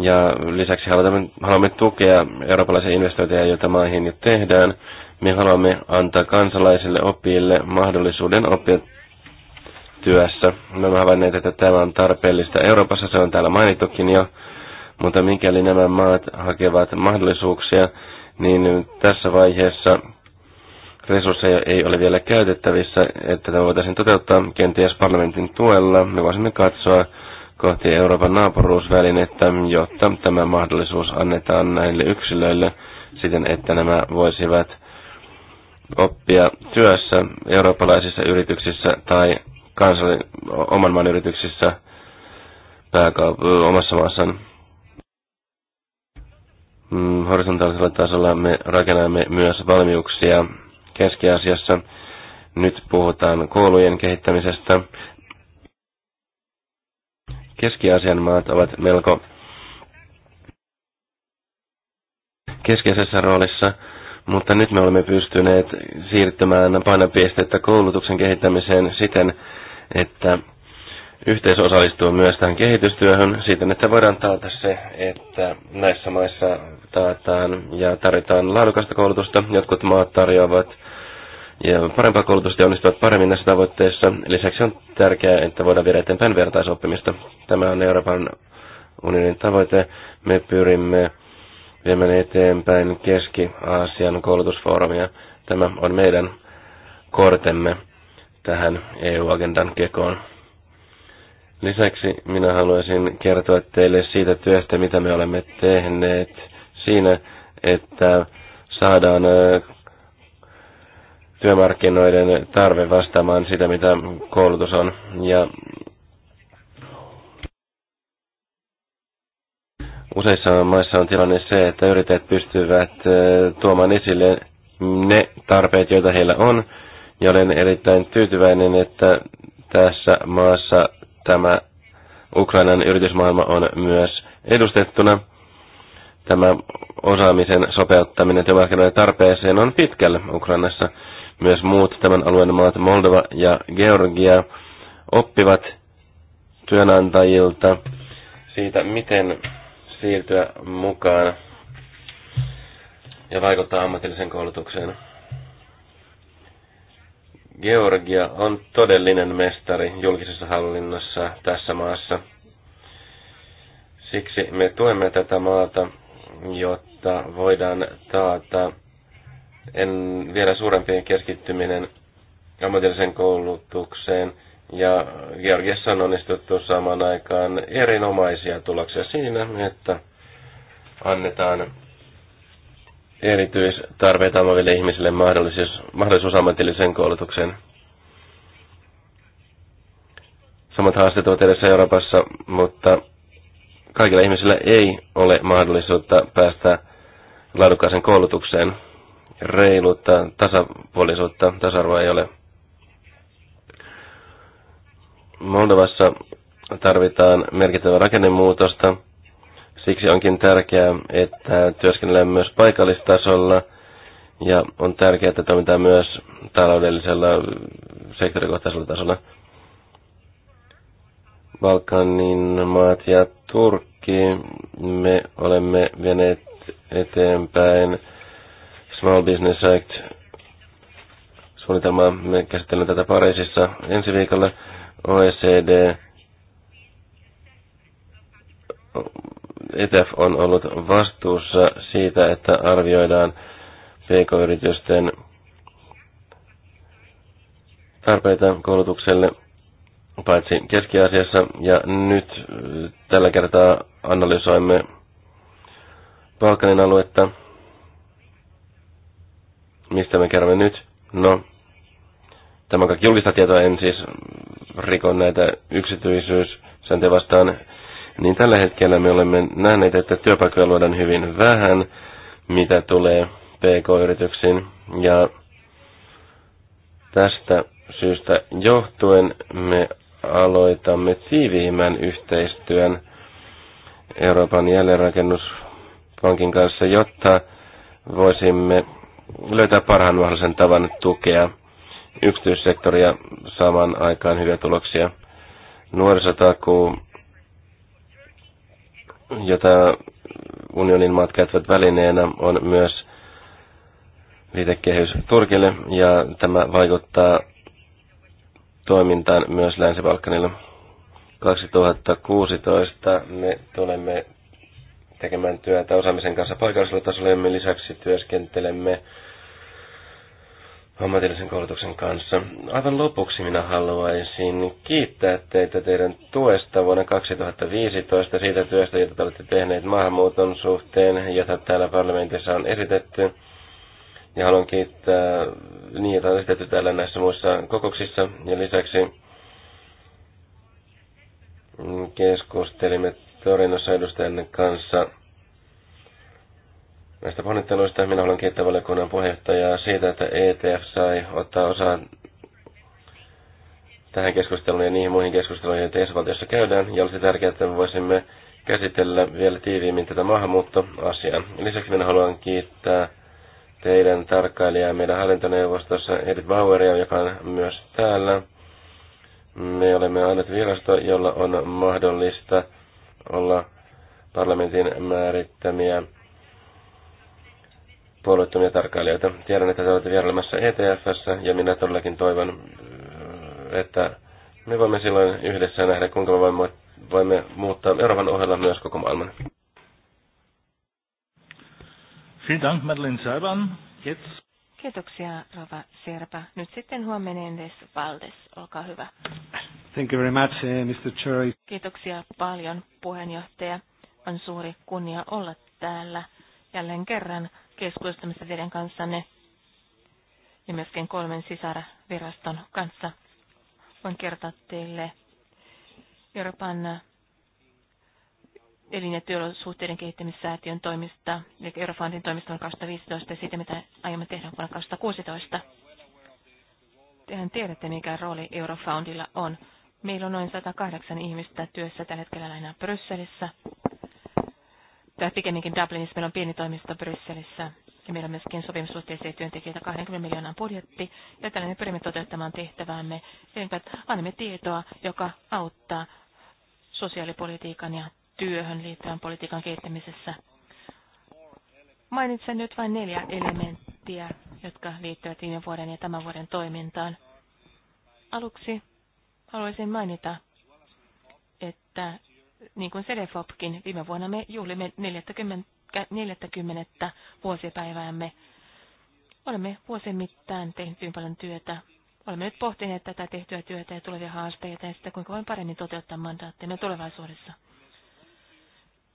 Ja lisäksi haluamme, haluamme tukea eurooppalaisia investointeja, joita maihin jo tehdään. Me haluamme antaa kansalaisille oppijille mahdollisuuden oppia työssä. Me olemme havainneet, että tämä on tarpeellista Euroopassa, se on täällä mainittukin jo. Mutta mikäli nämä maat hakevat mahdollisuuksia, niin tässä vaiheessa resursseja ei ole vielä käytettävissä, että tätä voitaisiin toteuttaa kenties parlamentin tuella. Me voisimme katsoa kohti Euroopan naapuruusvälinettä, jotta tämä mahdollisuus annetaan näille yksilöille siten, että nämä voisivat oppia työssä eurooppalaisissa yrityksissä tai kansalli- oman maan yrityksissä pääkaup- omassa maassaan. Mm, horisontaalisella tasolla me rakennamme myös valmiuksia Keskiasiassa Nyt puhutaan koulujen kehittämisestä. keski maat ovat melko keskeisessä roolissa, mutta nyt me olemme pystyneet siirtämään painopistettä koulutuksen kehittämiseen siten, että yhteisö osallistuu myös tähän kehitystyöhön siten, että voidaan taata se, että näissä maissa taataan ja tarjotaan laadukasta koulutusta. Jotkut maat tarjoavat ja parempaa koulutusta ja onnistuvat paremmin näissä tavoitteissa. Lisäksi on tärkeää, että voidaan viedä eteenpäin vertaisoppimista. Tämä on Euroopan unionin tavoite. Me pyrimme viemään eteenpäin Keski-Aasian koulutusfoorumia. Tämä on meidän kortemme tähän EU-agendan kekoon. Lisäksi minä haluaisin kertoa teille siitä työstä, mitä me olemme tehneet siinä, että saadaan työmarkkinoiden tarve vastaamaan sitä, mitä koulutus on. Ja useissa maissa on tilanne se, että yrittäjät pystyvät tuomaan esille ne tarpeet, joita heillä on. Ja olen erittäin tyytyväinen, että tässä maassa tämä Ukrainan yritysmaailma on myös edustettuna. Tämä osaamisen sopeuttaminen työmarkkinoiden tarpeeseen on pitkällä Ukrainassa – myös muut tämän alueen maat, Moldova ja Georgia, oppivat työnantajilta siitä, miten siirtyä mukaan ja vaikuttaa ammatilliseen koulutukseen. Georgia on todellinen mestari julkisessa hallinnossa tässä maassa. Siksi me tuemme tätä maata, jotta voidaan taata en vielä suurempien keskittyminen ammatilliseen koulutukseen ja Georgiassa on onnistuttu samaan aikaan erinomaisia tuloksia siinä, että annetaan erityistarpeita omaville ihmisille mahdollisuus, mahdollisuus ammatilliseen koulutukseen. Samat haasteet ovat edessä Euroopassa, mutta kaikilla ihmisillä ei ole mahdollisuutta päästä laadukkaaseen koulutukseen – reiluutta, tasapuolisuutta, tasa-arvoa ei ole. Moldovassa tarvitaan merkittävää rakennemuutosta. Siksi onkin tärkeää, että työskennellään myös paikallistasolla ja on tärkeää, että toimitaan myös taloudellisella sektorikohtaisella tasolla. Balkanin maat ja Turkki, me olemme vieneet eteenpäin Small Business Act suunnitelmaa. Me käsittelemme tätä Pariisissa ensi viikolla. OECD ETF on ollut vastuussa siitä, että arvioidaan pk-yritysten tarpeita koulutukselle paitsi keskiasiassa ja nyt äh, tällä kertaa analysoimme Balkanin aluetta. Mistä me kerromme nyt? No, tämä on kaikki julkista tietoa, en siis riko näitä yksityisyyssääntöjä vastaan. Niin tällä hetkellä me olemme nähneet, että työpaikkoja luodaan hyvin vähän, mitä tulee PK-yrityksiin. Ja tästä syystä johtuen me aloitamme tiiviimmän yhteistyön Euroopan jälleenrakennuspankin kanssa, jotta voisimme löytää parhaan mahdollisen tavan tukea yksityissektoria saamaan aikaan hyviä tuloksia. Nuorisotakuu, jota unionin maat käyttävät välineenä, on myös liitekehys Turkille, ja tämä vaikuttaa toimintaan myös Länsi-Balkanilla. 2016 me tulemme tekemään työtä osaamisen kanssa paikallisella tasolla ja me lisäksi työskentelemme ammatillisen koulutuksen kanssa. Aivan lopuksi minä haluaisin kiittää teitä teidän tuesta vuonna 2015 siitä työstä, jota te olette tehneet maahanmuuton suhteen, jota täällä parlamentissa on esitetty. Ja haluan kiittää niitä on esitetty täällä näissä muissa kokouksissa. Ja lisäksi keskustelimme Torinossa edustajan kanssa näistä ponnitteluista. Minä haluan kiittää valiokunnan puheenjohtajaa siitä, että ETF sai ottaa osaa tähän keskusteluun ja niihin muihin keskusteluihin, joita ESO-valtiossa käydään, ja olisi tärkeää, että voisimme käsitellä vielä tiiviimmin tätä maahanmuuttoasiaa. Lisäksi minä haluan kiittää teidän tarkkailijaa meidän hallintoneuvostossa Edith Baueria, joka on myös täällä. Me olemme ainut virasto, jolla on mahdollista olla parlamentin määrittämiä puolueettomia tarkkailijoita. Tiedän, että te olette vierailemassa etf ja minä todellakin toivon, että me voimme silloin yhdessä nähdä, kuinka me voimme, voimme muuttaa Euroopan ohella myös koko maailman. Kiitoksia, Rova Serpa. Nyt sitten huomenna edes Valdes. Olkaa hyvä. Thank you very much, uh, Mr. Chair. Kiitoksia paljon, puheenjohtaja. On suuri kunnia olla täällä jälleen kerran keskustelussa teidän kanssanne ja myöskin kolmen sisarviraston kanssa. Voin kertoa teille Euroopan elin- ja työolosuhteiden kehittämissäätiön toimista, eli Eurofondin toimista vuonna 2015 ja siitä, mitä aiomme tehdä vuonna 2016. Tehän tiedätte, mikä rooli Eurofoundilla on Meillä on noin 108 ihmistä työssä tällä hetkellä aina Brysselissä. Tai pikemminkin Dublinissa meillä on pieni toimisto Brysselissä. Ja meillä on myöskin sopimussuhteisia työntekijöitä 20 miljoonan budjetti. Ja tällä me pyrimme toteuttamaan tehtäväämme. Eli annamme tietoa, joka auttaa sosiaalipolitiikan ja työhön liittyvän politiikan kehittämisessä. Mainitsen nyt vain neljä elementtiä, jotka liittyvät viime vuoden ja tämän vuoden toimintaan. Aluksi haluaisin mainita, että niin kuin Sedefopkin, viime vuonna me juhlimme 40, 40 vuosipäiväämme. Olemme vuosien mittaan tehneet hyvin paljon työtä. Olemme nyt pohtineet tätä tehtyä työtä ja tulevia haasteita ja sitä, kuinka voin paremmin toteuttaa mandaattimme tulevaisuudessa.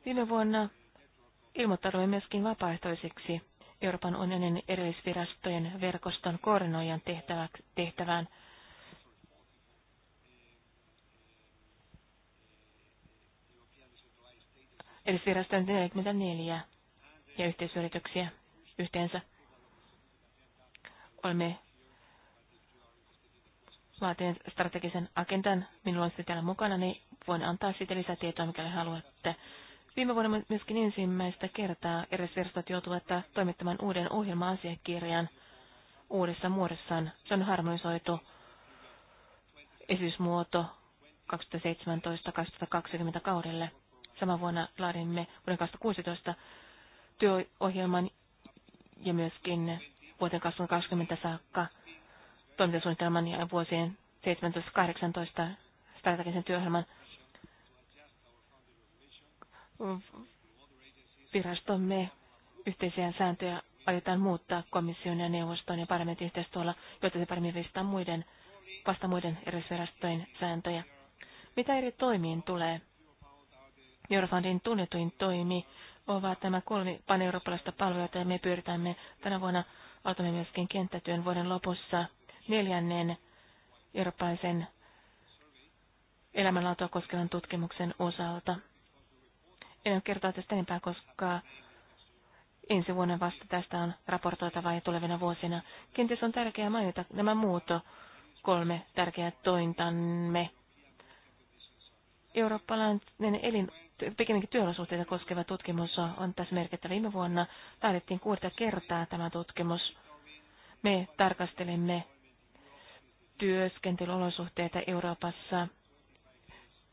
Viime vuonna ilmoittaudumme myöskin vapaaehtoiseksi Euroopan unionin erillisvirastojen verkoston koordinoijan tehtävään – Edesvirasta on 44 ja yhteisyrityksiä yhteensä. Olemme laatineet strategisen agendan. Minulla on se täällä mukana, niin voin antaa siitä lisätietoa, mikäli haluatte. Viime vuonna myöskin ensimmäistä kertaa edesvirastot joutuvat toimittamaan uuden ohjelma-asiakirjan uudessa muodossaan. Se on harmonisoitu esitysmuoto 2017-2020 kaudelle. Sama vuonna laadimme vuoden 2016 työohjelman ja myöskin vuoteen 2020 saakka toimintasuunnitelman ja vuosien 17-18 strategisen työohjelman virastomme yhteisiä sääntöjä aiotaan muuttaa komission ja neuvoston ja parlamentin yhteistyöllä, jotta se paremmin vastaa muiden, vasta muiden eri sääntöjä. Mitä eri toimiin tulee? Eurofundin tunnetuin toimi ovat nämä kolme paneurooppalaista palveluita ja me pyöritämme tänä vuonna autamme myöskin kenttätyön vuoden lopussa neljännen eurooppalaisen elämänlaatua koskevan tutkimuksen osalta. En ole kertoa tästä enempää, koska ensi vuonna vasta tästä on raportoitava ja tulevina vuosina. Kenties on tärkeää mainita nämä muut kolme tärkeää tointamme. Eurooppalainen elin pikemminkin työolosuhteita koskeva tutkimus on tässä merkittävä. Viime vuonna päätettiin kuudetta kertaa tämä tutkimus. Me tarkastelimme työskentelyolosuhteita Euroopassa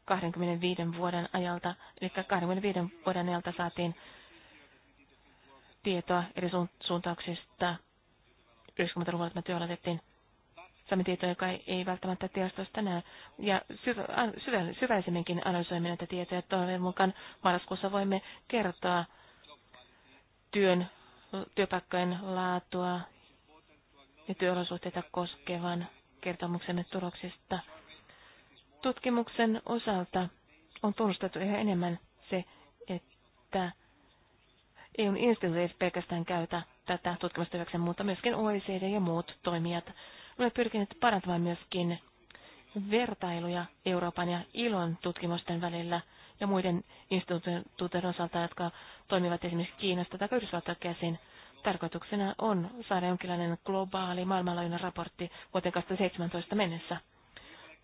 25 vuoden ajalta, eli 25 vuoden ajalta saatiin tietoa eri suuntauksista. 90-luvulla tämä työ aloitettiin saamme tietoa, joka ei välttämättä tiedostosta näe. Ja syvällisemminkin analysoimme näitä tietoja. Toivon mukaan marraskuussa voimme kertoa työn, työpaikkojen laatua ja työolosuhteita koskevan kertomuksemme tuloksista. Tutkimuksen osalta on tunnustettu yhä enemmän se, että EUn instituutit pelkästään käytä tätä tutkimustyökseen, mutta myöskin OECD ja muut toimijat olen pyrkinyt parantamaan myöskin vertailuja Euroopan ja ilon tutkimusten välillä ja muiden instituutioiden osalta, jotka toimivat esimerkiksi Kiinasta tai Yhdysvaltain käsin. Tarkoituksena on saada jonkinlainen globaali maailmanlaajuinen raportti vuoteen 2017 mennessä.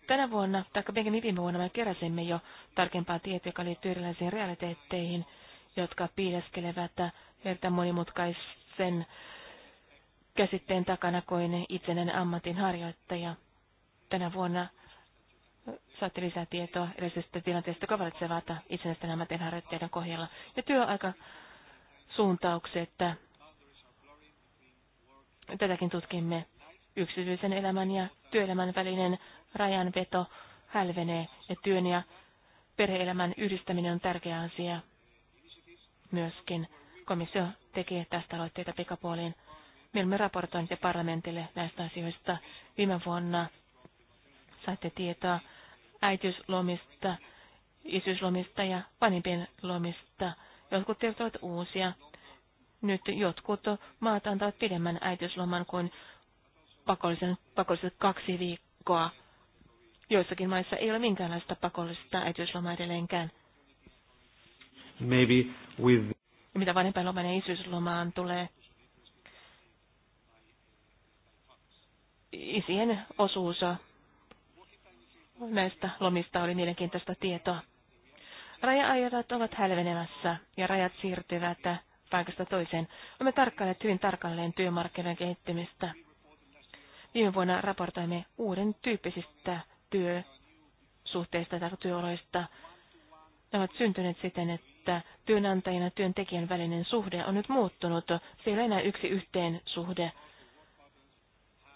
Tänä vuonna, tai Benjamin viime vuonna, me keräsimme jo tarkempaa tietoa, joka liittyy erilaisiin realiteetteihin, jotka piileskelevät erittäin monimutkaisen käsitteen takana kuin itsenäinen ammatin harjoittaja. Tänä vuonna saatte lisää tietoa edellisestä tilanteesta, joka vaata itsenäisten ammatin harjoittajien kohdalla. Ja työaika suuntaukset. Tätäkin tutkimme. Yksityisen elämän ja työelämän välinen rajanveto hälvenee ja työn ja perheelämän yhdistäminen on tärkeä asia myöskin. Komissio tekee tästä aloitteita pikapuoliin. Me olemme raportoineet parlamentille näistä asioista. Viime vuonna saitte tietoa äitiyslomista, isyyslomista ja vanhempien lomista. Jotkut teot ovat uusia. Nyt jotkut maat antavat pidemmän äitiysloman kuin pakollisen, pakolliset kaksi viikkoa. Joissakin maissa ei ole minkäänlaista pakollista äitiyslomaa edelleenkään. Maybe with... Mitä vanhempien loman ja isyyslomaan tulee, isien osuus näistä lomista oli mielenkiintoista tietoa. Raja-ajat ovat hälvenemässä ja rajat siirtyvät paikasta toiseen. Olemme tarkkailleet hyvin tarkalleen työmarkkinoiden kehittymistä. Viime vuonna raportoimme uuden tyyppisistä työsuhteista tai työoloista. Ne ovat syntyneet siten, että työnantajan ja työntekijän välinen suhde on nyt muuttunut. Se ei ole enää yksi yhteen suhde,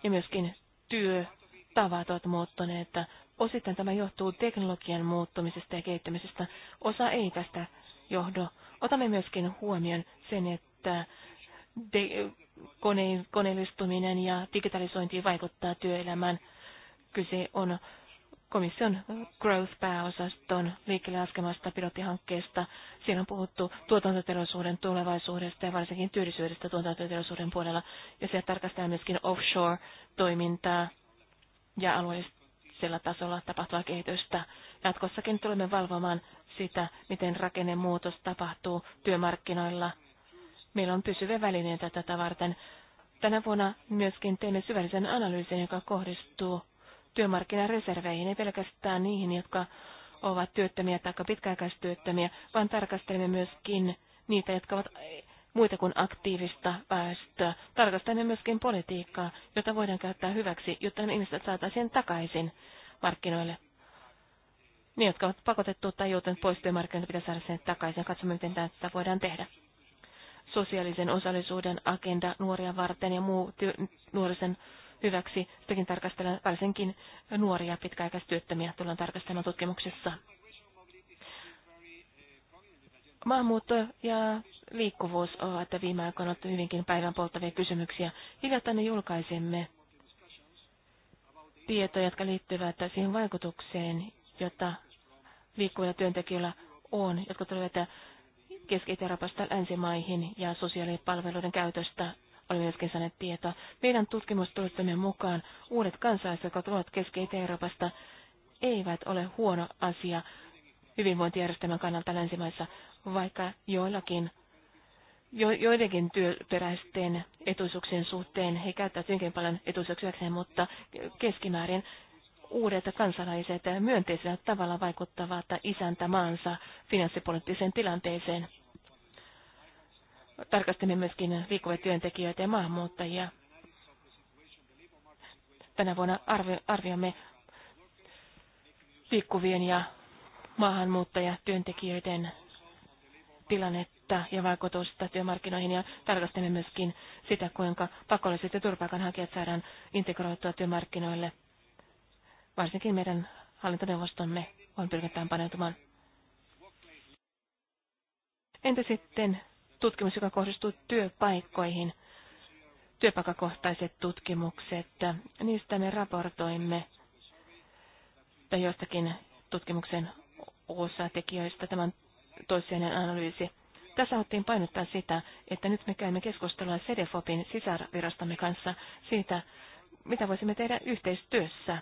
myöskin työtavat ovat muuttuneet. Osittain tämä johtuu teknologian muuttumisesta ja kehittymisestä. Osa ei tästä johdu. Otamme myöskin huomioon sen, että de- kone- koneellistuminen ja digitalisointi vaikuttaa työelämään. Kyse on komission Growth-pääosaston liikkeelle laskemasta pilottihankkeesta. Siinä on puhuttu tuotantoteollisuuden tulevaisuudesta ja varsinkin työllisyydestä tuotantoteollisuuden puolella. Ja siellä tarkastellaan myöskin offshore-toimintaa ja alueellisella tasolla tapahtuvaa kehitystä. Jatkossakin tulemme valvomaan sitä, miten rakennemuutos tapahtuu työmarkkinoilla. Meillä on pysyviä välineitä tätä varten. Tänä vuonna myöskin teemme syvällisen analyysin, joka kohdistuu työmarkkinareserveihin, ei pelkästään niihin, jotka ovat työttömiä tai pitkäaikaistyöttömiä, vaan tarkastelemme myöskin niitä, jotka ovat muita kuin aktiivista väestöä. Tarkastelemme myöskin politiikkaa, jota voidaan käyttää hyväksi, jotta ne ihmiset saataisiin takaisin markkinoille. Ne, jotka ovat pakotettu tai joutuneet pois työmarkkinoilta, pitää saada sen takaisin. Katsomme, miten tätä voidaan tehdä. Sosiaalisen osallisuuden agenda nuoria varten ja muu työ, nuorisen hyväksi. Sitäkin tarkastellaan varsinkin nuoria pitkäaikaistyöttömiä tullaan tarkastelemaan tutkimuksessa. Maahanmuutto ja liikkuvuus ovat viime aikoina ollut hyvinkin päivän polttavia kysymyksiä. Hiljattain me julkaisemme tietoja, jotka liittyvät siihen vaikutukseen, jota liikkuvilla työntekijöillä on, jotka tulevat Keski-Euroopasta länsimaihin ja sosiaalipalveluiden käytöstä oli myöskin saaneet tieto. Meidän tutkimustulostamme mukaan uudet kansalaiset, jotka tulevat keski euroopasta eivät ole huono asia hyvinvointijärjestelmän kannalta länsimaissa, vaikka joillakin jo, joidenkin työperäisten etuisuuksien suhteen he käyttävät hyvinkin paljon etuisuuksiakseen, mutta keskimäärin uudet kansalaiset myönteisellä tavalla vaikuttavat isäntämaansa finanssipoliittiseen tilanteeseen. Tarkastimme myöskin liikkuvia työntekijöitä ja maahanmuuttajia. Tänä vuonna arvioimme liikkuvien ja maahanmuuttajatyöntekijöiden tilannetta ja vaikutusta työmarkkinoihin ja tarkastamme myöskin sitä, kuinka pakolliset ja turvapaikanhakijat saadaan integroitua työmarkkinoille. Varsinkin meidän hallintoneuvostomme on pyrkitään paneutumaan. Entä sitten tutkimus, joka kohdistuu työpaikkoihin, työpaikakohtaiset tutkimukset, niistä me raportoimme tai jostakin tutkimuksen osatekijöistä tämän toissijainen analyysi. Tässä haluttiin painottaa sitä, että nyt me käymme keskustelua CDFOPin sisarvirastamme kanssa siitä, mitä voisimme tehdä yhteistyössä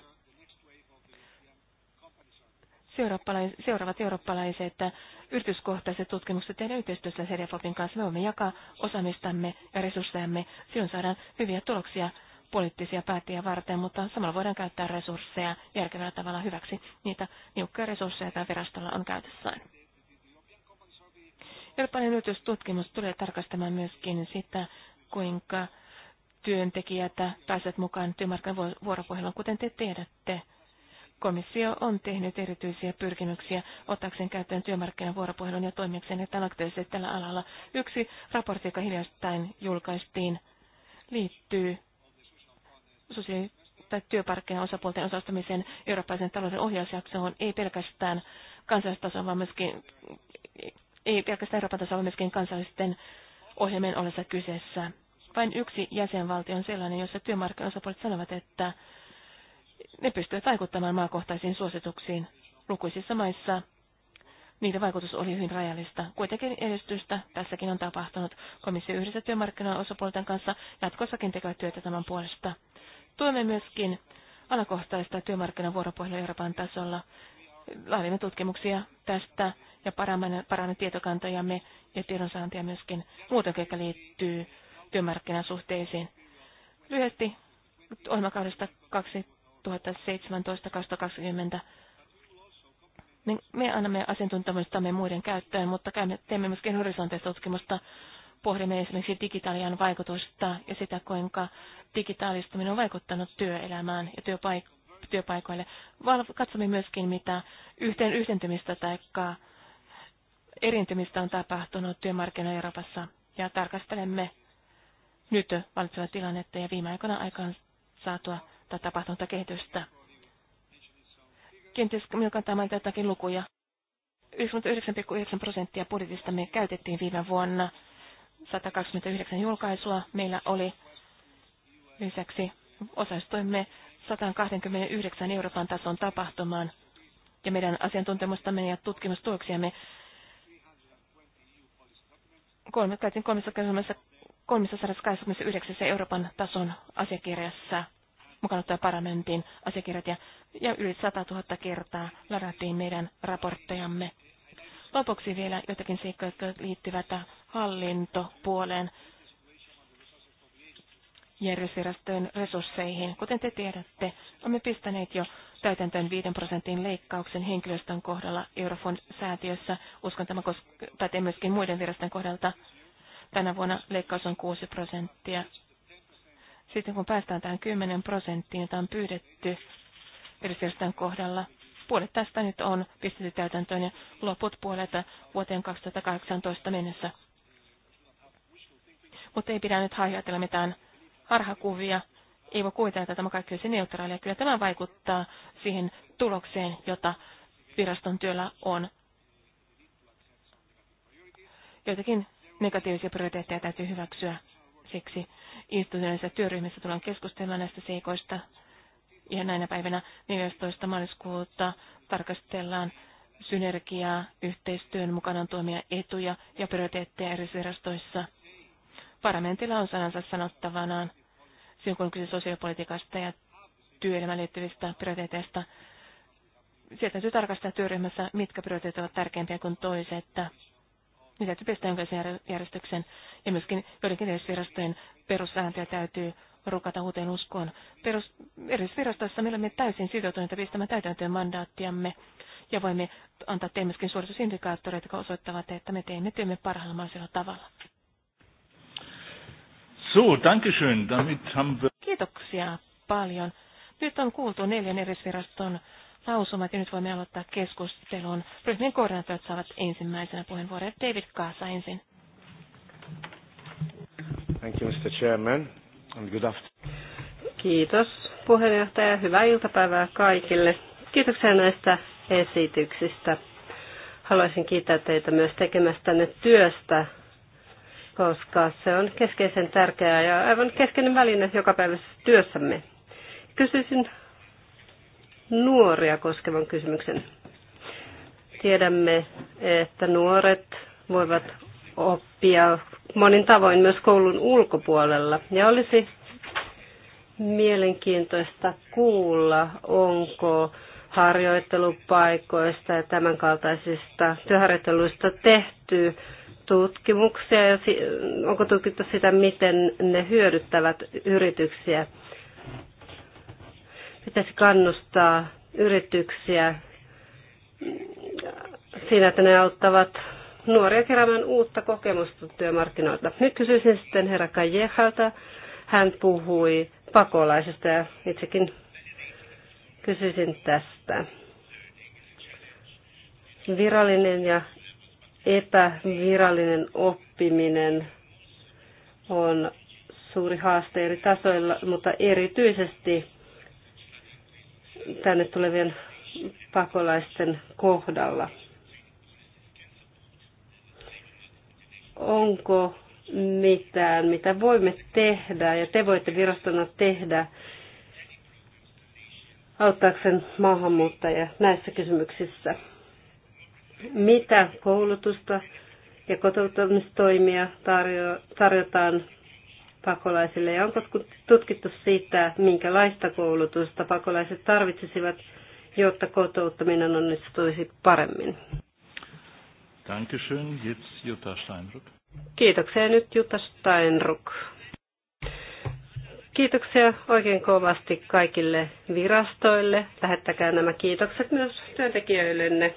Seuraappalais, seuraavat eurooppalaiset äh, yrityskohtaiset tutkimukset tehdään yhteistyössä Seriafopin kanssa. Me voimme jakaa osaamistamme ja resurssejamme. Silloin saadaan hyviä tuloksia poliittisia päättäjiä varten, mutta samalla voidaan käyttää resursseja järkevällä tavalla hyväksi. Niitä niukkoja resursseja joita virastolla on käytössään. Eurooppalainen yritystutkimus tulee tarkastamaan myöskin sitä, kuinka työntekijät pääsevät mukaan työmarkkinavuoropuheluun, kuten te tiedätte. Komissio on tehnyt erityisiä pyrkimyksiä ottaakseen käyttöön työmarkkinan vuoropuhelun ja toimijakseen että aktiivisesti tällä alalla. Yksi raportti, joka hiljattain julkaistiin, liittyy sosiaali- tai työmarkkinan osapuolten osastamiseen eurooppalaisen talouden ohjausjaksoon, ei pelkästään kansallistasolla, vaan myöskin, ei pelkästään Euroopan tasolla, vaan myöskin kansallisten ohjelmien ollessa kyseessä. Vain yksi jäsenvaltio on sellainen, jossa osapuolet sanovat, että ne pystyvät vaikuttamaan maakohtaisiin suosituksiin. Lukuisissa maissa niiden vaikutus oli hyvin rajallista. Kuitenkin edistystä tässäkin on tapahtunut. Komissio yhdessä työmarkkinoiden osapuolten kanssa jatkossakin tekevät työtä tämän puolesta. Tuemme myöskin alakohtaista työmarkkinavuoropuhelua Euroopan tasolla. Laadimme tutkimuksia tästä ja parannamme tietokantojamme ja tiedonsaantia myöskin muuten, joka liittyy työmarkkinasuhteisiin. Lyhyesti ohjelmakaudesta 2000 2017-2020. Me, annamme asiantuntemustamme muiden käyttöön, mutta käymme, teemme myöskin horisonteista tutkimusta. Pohdimme esimerkiksi digitaalian vaikutusta ja sitä, kuinka digitaalistuminen on vaikuttanut työelämään ja työpaik- työpaikoille. Katsomme myöskin, mitä yhteen yhdentymistä tai erintymistä on tapahtunut työmarkkinoilla Euroopassa ja tarkastelemme nyt valitsevaa tilannetta ja viime aikoina aikaan saatua tätä tapahtunutta kehitystä. Kenties minun kantaa mainita jotakin lukuja. 99,9 prosenttia budjetista me käytettiin viime vuonna. 129 julkaisua meillä oli. Lisäksi osallistuimme 129 Euroopan tason tapahtumaan. Ja meidän asiantuntemustamme ja tutkimustuoksiamme 389 Euroopan tason asiakirjassa mukaan ottaen parlamentin asiakirjat ja, ja yli 100 000 kertaa ladattiin meidän raporttejamme. Lopuksi vielä jotakin seikkoja, jotka liittyvät hallintopuoleen järjestöjen resursseihin. Kuten te tiedätte, olemme pistäneet jo täytäntöön 5 prosentin leikkauksen henkilöstön kohdalla Eurofon säätiössä. Uskon tämä pätee myöskin muiden virastojen kohdalta. Tänä vuonna leikkaus on 6 prosenttia sitten kun päästään tähän 10 prosenttiin, jota on pyydetty yritysten kohdalla, puolet tästä nyt on pistetty täytäntöön ja loput puolet vuoteen 2018 mennessä. Mutta ei pidä nyt haihatella mitään harhakuvia. Ei voi kuvitella, että tämä kaikki olisi neutraalia. Kyllä tämä vaikuttaa siihen tulokseen, jota viraston työllä on. Joitakin negatiivisia prioriteetteja täytyy hyväksyä siksi instituutioissa työryhmissä tullaan keskustelemaan näistä seikoista. Ja näinä päivinä 14. maaliskuuta tarkastellaan synergiaa, yhteistyön mukanaan tuomia etuja ja prioriteetteja eri virastoissa. Parlamentilla on sanansa sanottavanaan silloin, kun kyse sosiaalipolitiikasta ja työelämään liittyvistä prioriteeteista. Sieltä täytyy tarkastaa työryhmässä, mitkä prioriteetit ovat tärkeimpiä kuin toiset ne täytyy järjestyksen ja myöskin joidenkin edesvirastojen perussääntöjä täytyy rukata uuteen uskoon. Perus, edesvirastossa me olemme täysin sitoutuneita pistämään täytäntöön mandaattiamme ja voimme antaa teille myöskin suoritusindikaattoreita, jotka osoittavat, että me teemme työmme parhaalla mahdollisella tavalla. So, danke schön. Damit haben wir... Kiitoksia paljon. Nyt on kuultu neljän erisviraston lausumat ja nyt voimme aloittaa keskustelun. Ryhmien koordinaattorit saavat ensimmäisenä puheenvuoron. David Kaasa ensin. Thank you, Mr. Chairman, and good afternoon. Kiitos puheenjohtaja. Hyvää iltapäivää kaikille. Kiitoksia näistä esityksistä. Haluaisin kiittää teitä myös tekemästänne työstä, koska se on keskeisen tärkeää ja aivan keskeinen väline jokapäiväisessä työssämme. Kysyisin nuoria koskevan kysymyksen. Tiedämme, että nuoret voivat oppia monin tavoin myös koulun ulkopuolella. Ja olisi mielenkiintoista kuulla, onko harjoittelupaikoista ja tämänkaltaisista työharjoitteluista tehty tutkimuksia ja onko tutkittu sitä, miten ne hyödyttävät yrityksiä Pitäisi kannustaa yrityksiä siinä, että ne auttavat nuoria keräämään uutta kokemusta työmarkkinoilta. Nyt kysyisin sitten herra Kajehalta. Hän puhui pakolaisista ja itsekin kysyisin tästä. Virallinen ja epävirallinen oppiminen on suuri haaste eri tasoilla, mutta erityisesti tänne tulevien pakolaisten kohdalla. Onko mitään, mitä voimme tehdä ja te voitte virastona tehdä auttaakseen maahanmuuttajia näissä kysymyksissä? Mitä koulutusta ja kotouttamistoimia tarjo- tarjotaan pakolaisille ja onko tutkittu siitä, minkälaista koulutusta pakolaiset tarvitsisivat, jotta kotouttaminen onnistuisi paremmin? Dankeschön, jetzt Jutta Steinruck. Kiitoksia nyt Jutta Steinruck. Kiitoksia oikein kovasti kaikille virastoille. Lähettäkää nämä kiitokset myös työntekijöillenne,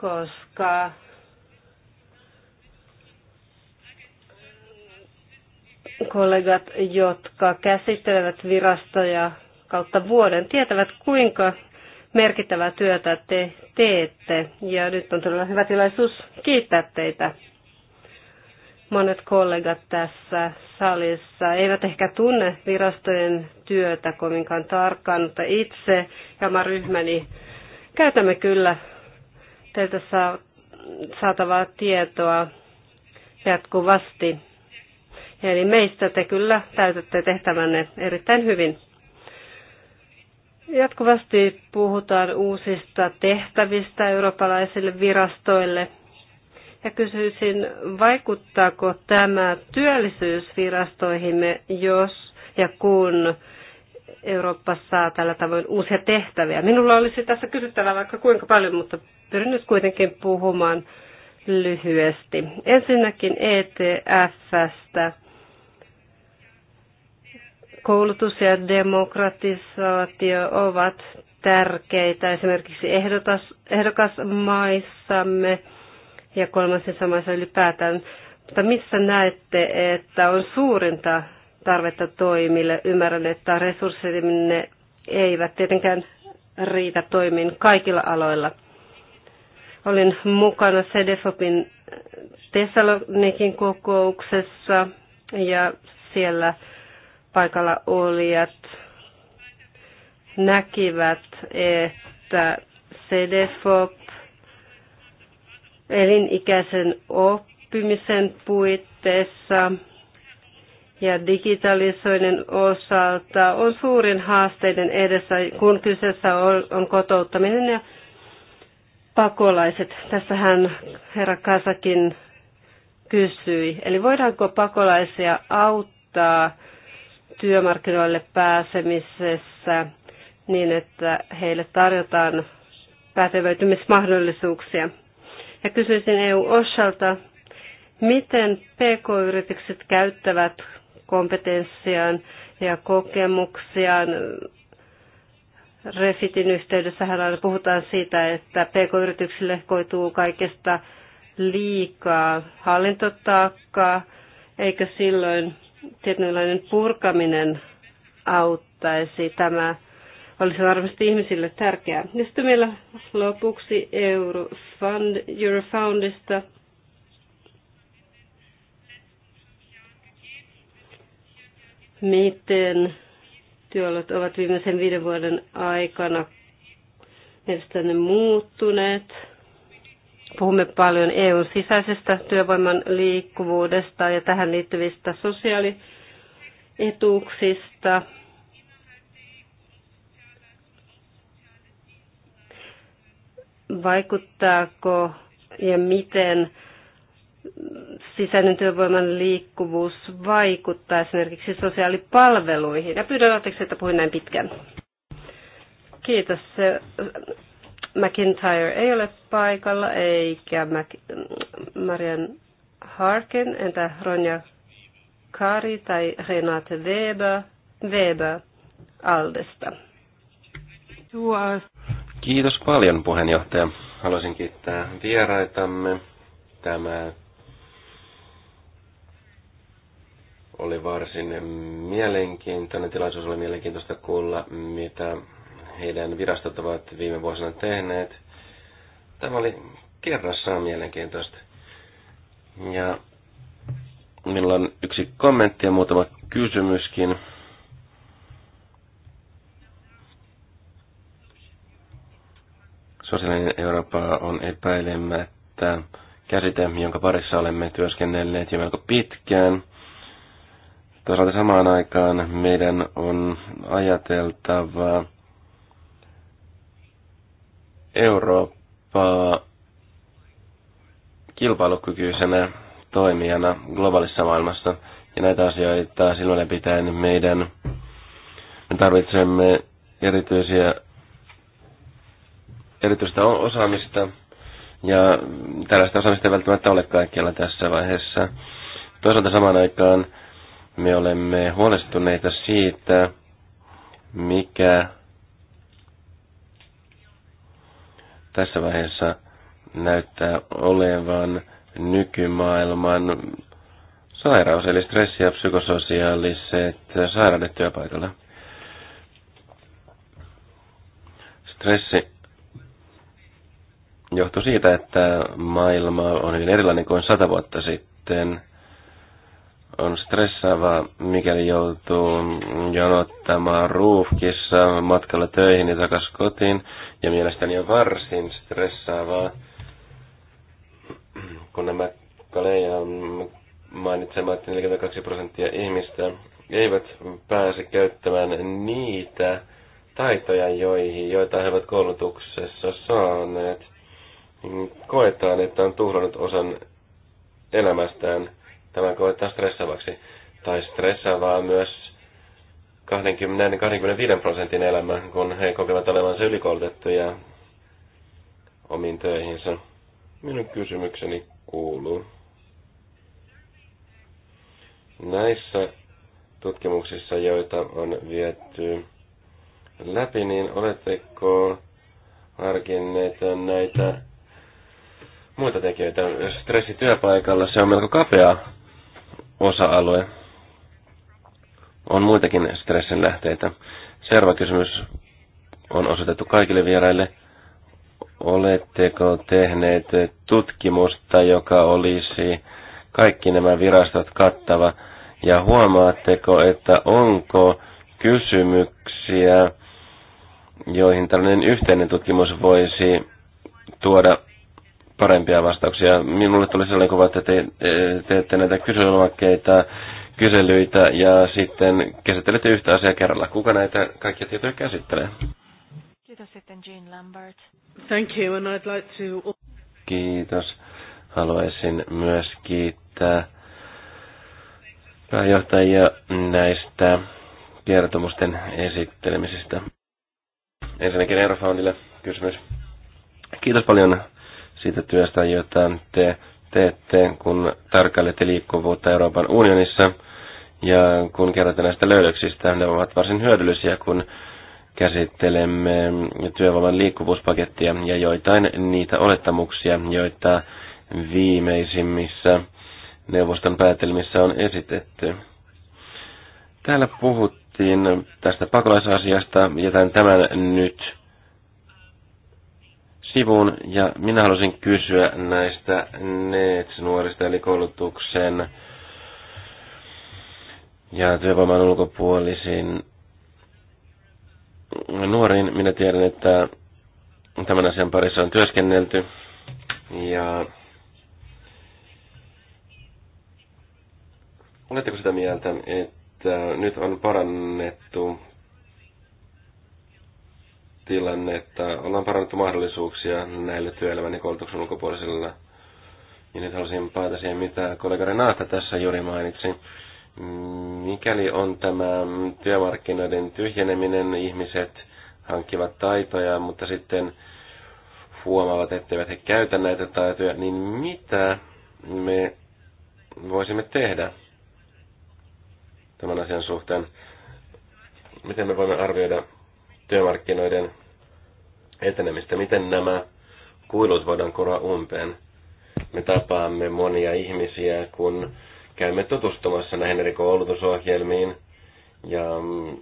koska kollegat, jotka käsittelevät virastoja kautta vuoden, tietävät kuinka merkittävää työtä te teette. Ja nyt on todella hyvä tilaisuus kiittää teitä. Monet kollegat tässä salissa eivät ehkä tunne virastojen työtä kovinkaan tarkkaan, mutta itse ja oma ryhmäni käytämme kyllä teiltä saatavaa tietoa jatkuvasti. Eli meistä te kyllä täytätte tehtävänne erittäin hyvin. Jatkuvasti puhutaan uusista tehtävistä eurooppalaisille virastoille. Ja kysyisin, vaikuttaako tämä työllisyysvirastoihimme, jos ja kun Eurooppa saa tällä tavoin uusia tehtäviä. Minulla olisi tässä kysyttävää vaikka kuinka paljon, mutta pyrin nyt kuitenkin puhumaan lyhyesti. Ensinnäkin ETFstä. Koulutus ja demokratisaatio ovat tärkeitä esimerkiksi ehdotas, ehdokasmaissamme ja kolmansissa maissa ylipäätään. Mutta missä näette, että on suurinta tarvetta toimille? Ymmärrän, että resurssimme eivät tietenkään riitä toimiin kaikilla aloilla. Olin mukana CDFOPin Tessalonikin kokouksessa ja siellä paikalla olijat näkivät, että CDFOP elinikäisen oppimisen puitteissa ja digitalisoinnin osalta on suurin haasteiden edessä, kun kyseessä on, kotouttaminen ja pakolaiset. Tässähän herra Kasakin kysyi. Eli voidaanko pakolaisia auttaa työmarkkinoille pääsemisessä niin, että heille tarjotaan pätevöitymismahdollisuuksia. Ja kysyisin EU-Oshalta, miten PK-yritykset käyttävät kompetenssiaan ja kokemuksiaan. Refitin yhteydessä puhutaan siitä, että PK-yrityksille koituu kaikesta liikaa hallintotaakkaa, eikö silloin tietynlainen purkaminen auttaisi. Tämä olisi varmasti ihmisille tärkeää. Ja sitten vielä lopuksi Eurofund, Eurofoundista. Miten työolot ovat viimeisen viiden vuoden aikana mielestäni muuttuneet? Puhumme paljon EUn sisäisestä työvoiman liikkuvuudesta ja tähän liittyvistä sosiaalietuuksista. Vaikuttaako ja miten sisäinen työvoiman liikkuvuus vaikuttaa esimerkiksi sosiaalipalveluihin. Ja pyydän anteeksi, että puhuin näin pitkään. Kiitos. McIntyre ei ole paikalla, eikä Mac- Marian Harkin, entä Ronja Kari tai Renate Weber, Weber Aldesta. Kiitos paljon puheenjohtaja. Haluaisin kiittää vieraitamme. Tämä oli varsin mielenkiintoinen tilaisuus. Oli mielenkiintoista kuulla, mitä heidän virastot ovat viime vuosina tehneet. Tämä oli kerrassaan mielenkiintoista. Ja minulla on yksi kommentti ja muutama kysymyskin. Sosiaalinen Eurooppa on epäilemättä käsite, jonka parissa olemme työskennelleet jo melko pitkään. Toisaalta samaan aikaan meidän on ajateltava Eurooppaa kilpailukykyisenä toimijana globaalissa maailmassa. Ja näitä asioita silloin pitäen meidän me tarvitsemme erityisiä, erityistä osaamista, ja tällaista osaamista ei välttämättä ole kaikkialla tässä vaiheessa. Toisaalta samaan aikaan me olemme huolestuneita siitä, mikä tässä vaiheessa näyttää olevan nykymaailman sairaus, eli stressi ja psykososiaaliset sairaudet työpaikalla. Stressi johtuu siitä, että maailma on hyvin erilainen kuin sata vuotta sitten – on stressaavaa, mikäli joutuu jonottamaan ruuhkissa matkalla töihin ja takas kotiin. Ja mielestäni on varsin stressaavaa, kun nämä Kalejan mainitsemat 42 prosenttia ihmistä eivät pääse käyttämään niitä taitoja, joihin, joita he ovat koulutuksessa saaneet. Koetaan, että on tuhlannut osan elämästään – tämän koetaan stressavaksi. Tai stressaavaa myös 20-25 prosentin elämä, kun he kokevat olevansa ylikoulutettuja omiin töihinsä. Minun kysymykseni kuuluu. Näissä tutkimuksissa, joita on viety läpi, niin oletteko harkinneet näitä muita tekijöitä? Stressi työpaikalla, se on melko kapea osa-alue. On muitakin stressin lähteitä. Seuraava kysymys on osoitettu kaikille vieraille. Oletteko tehneet tutkimusta, joka olisi kaikki nämä virastot kattava? Ja huomaatteko, että onko kysymyksiä, joihin tällainen yhteinen tutkimus voisi tuoda parempia vastauksia. Minulle tuli sellainen kuva, että te, teette näitä kyselylomakkeita, kyselyitä ja sitten käsittelette yhtä asiaa kerralla. Kuka näitä kaikkia tietoja käsittelee? Kiitos sitten Jean Lambert. Thank you and I'd like to... Kiitos. Haluaisin myös kiittää pääjohtajia näistä kertomusten esittelemisistä. Ensinnäkin Eurofoundille kysymys. Kiitos paljon siitä työstä, jota te teette, kun tarkkailette liikkuvuutta Euroopan unionissa ja kun kerrotte näistä löydöksistä. Ne ovat varsin hyödyllisiä, kun käsittelemme työvoiman liikkuvuuspakettia ja joitain niitä olettamuksia, joita viimeisimmissä neuvoston päätelmissä on esitetty. Täällä puhuttiin tästä pakolaisasiasta. Jätän tämän nyt sivuun ja minä halusin kysyä näistä NEETS-nuorista eli koulutuksen ja työvoiman ulkopuolisiin nuoriin. Minä tiedän, että tämän asian parissa on työskennelty ja oletteko sitä mieltä, että nyt on parannettu tilanne, että ollaan parannettu mahdollisuuksia näille työelämän ja koulutuksen ulkopuolisilla. Ja nyt haluaisin päätä siihen, mitä kollega Renata tässä juuri mainitsi. Mikäli on tämä työmarkkinoiden tyhjeneminen, ihmiset hankkivat taitoja, mutta sitten huomaavat, etteivät he käytä näitä taitoja, niin mitä me voisimme tehdä tämän asian suhteen? Miten me voimme arvioida työmarkkinoiden etenemistä. Miten nämä kuilut voidaan kuroa umpeen? Me tapaamme monia ihmisiä, kun käymme tutustumassa näihin eri koulutusohjelmiin. Ja mm,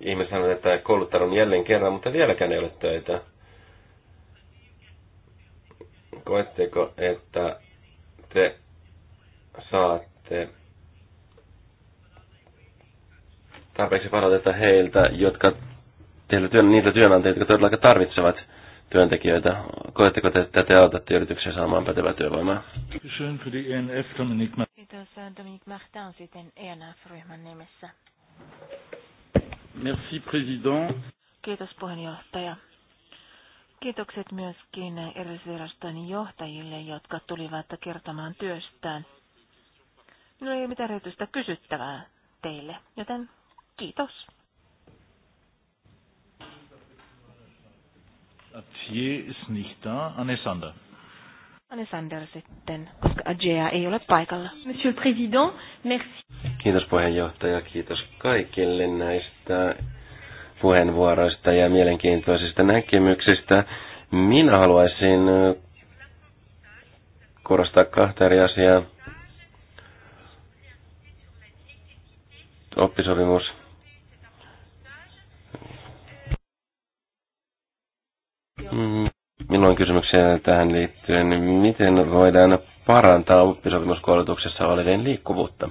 ihmiset sanovat, että on jälleen kerran, mutta vieläkään ei ole töitä. Koetteko, että te saatte tarpeeksi palautetta heiltä, jotka teillä työn, niitä työnantajia, jotka todellakin tarvitsevat työntekijöitä. Koetteko te, että te autatte yrityksiä saamaan pätevää työvoimaa? E kiitos äh, Dominik Martin sitten ENF-ryhmän nimessä. Merci, president. Kiitos puheenjohtaja. Kiitokset myöskin erillisviraston johtajille, jotka tulivat kertomaan työstään. No ei mitään erityistä kysyttävää teille, joten kiitos. Atje ist nicht da. Anne Sander. Anne Sander sitten, koska Adjea ei ole paikalla. Monsieur le Président, merci. Kiitos puheenjohtaja, kiitos kaikille näistä puheenvuoroista ja mielenkiintoisista näkemyksistä. Minä haluaisin korostaa kahta eri asiaa. Oppisopimus Minulla on kysymyksiä tähän liittyen. Miten voidaan parantaa oppisopimuskoulutuksessa olevien liikkuvuutta?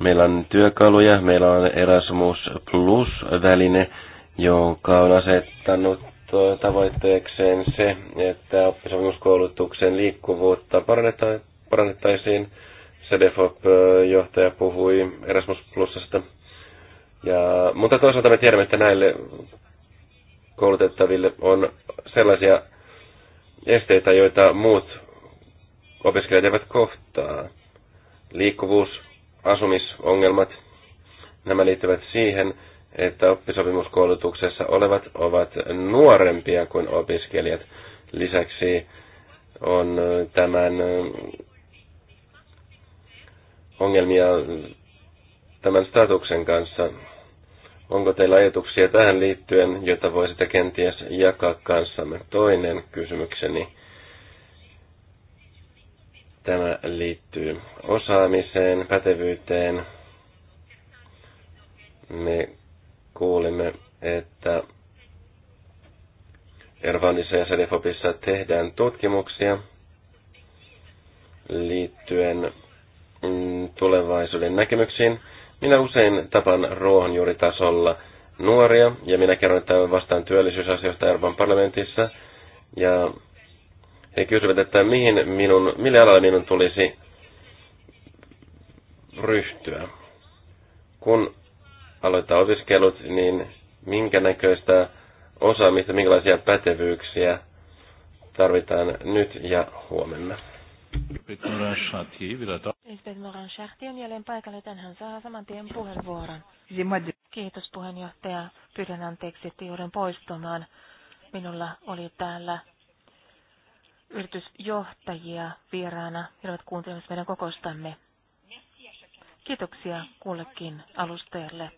Meillä on työkaluja, meillä on Erasmus Plus-väline, joka on asettanut tavoitteekseen se, että oppisopimuskoulutuksen liikkuvuutta parannettaisiin. CDFOP-johtaja puhui Erasmus Plusasta. Ja, mutta toisaalta me tiedämme, että näille koulutettaville on sellaisia esteitä, joita muut opiskelijat eivät kohtaa. Liikkuvuus, asumisongelmat, nämä liittyvät siihen, että oppisopimuskoulutuksessa olevat ovat nuorempia kuin opiskelijat. Lisäksi on tämän ongelmia tämän statuksen kanssa. Onko teillä ajatuksia tähän liittyen, jota voisitte kenties jakaa kanssamme? Toinen kysymykseni. Tämä liittyy osaamiseen, pätevyyteen. Me kuulimme, että Ervanissa ja Sedefopissa tehdään tutkimuksia liittyen mm, tulevaisuuden näkemyksiin. Minä usein tapaan ruohonjuuritasolla nuoria, ja minä kerron, että vastaan työllisyysasioista Euroopan parlamentissa, ja he kysyvät, että mihin minun, mille alalle minun tulisi ryhtyä. Kun aloittaa opiskelut, niin minkä näköistä osaamista, minkälaisia pätevyyksiä tarvitaan nyt ja huomenna. Lisbeth Moran Schachti on jälleen paikalla, tänään saa saman tien puheenvuoron. Kiitos puheenjohtaja. Pyydän anteeksi, että joudun poistumaan. Minulla oli täällä yritysjohtajia vieraana. He ovat kuuntelemassa meidän kokostamme. Kiitoksia kullekin alustajalle.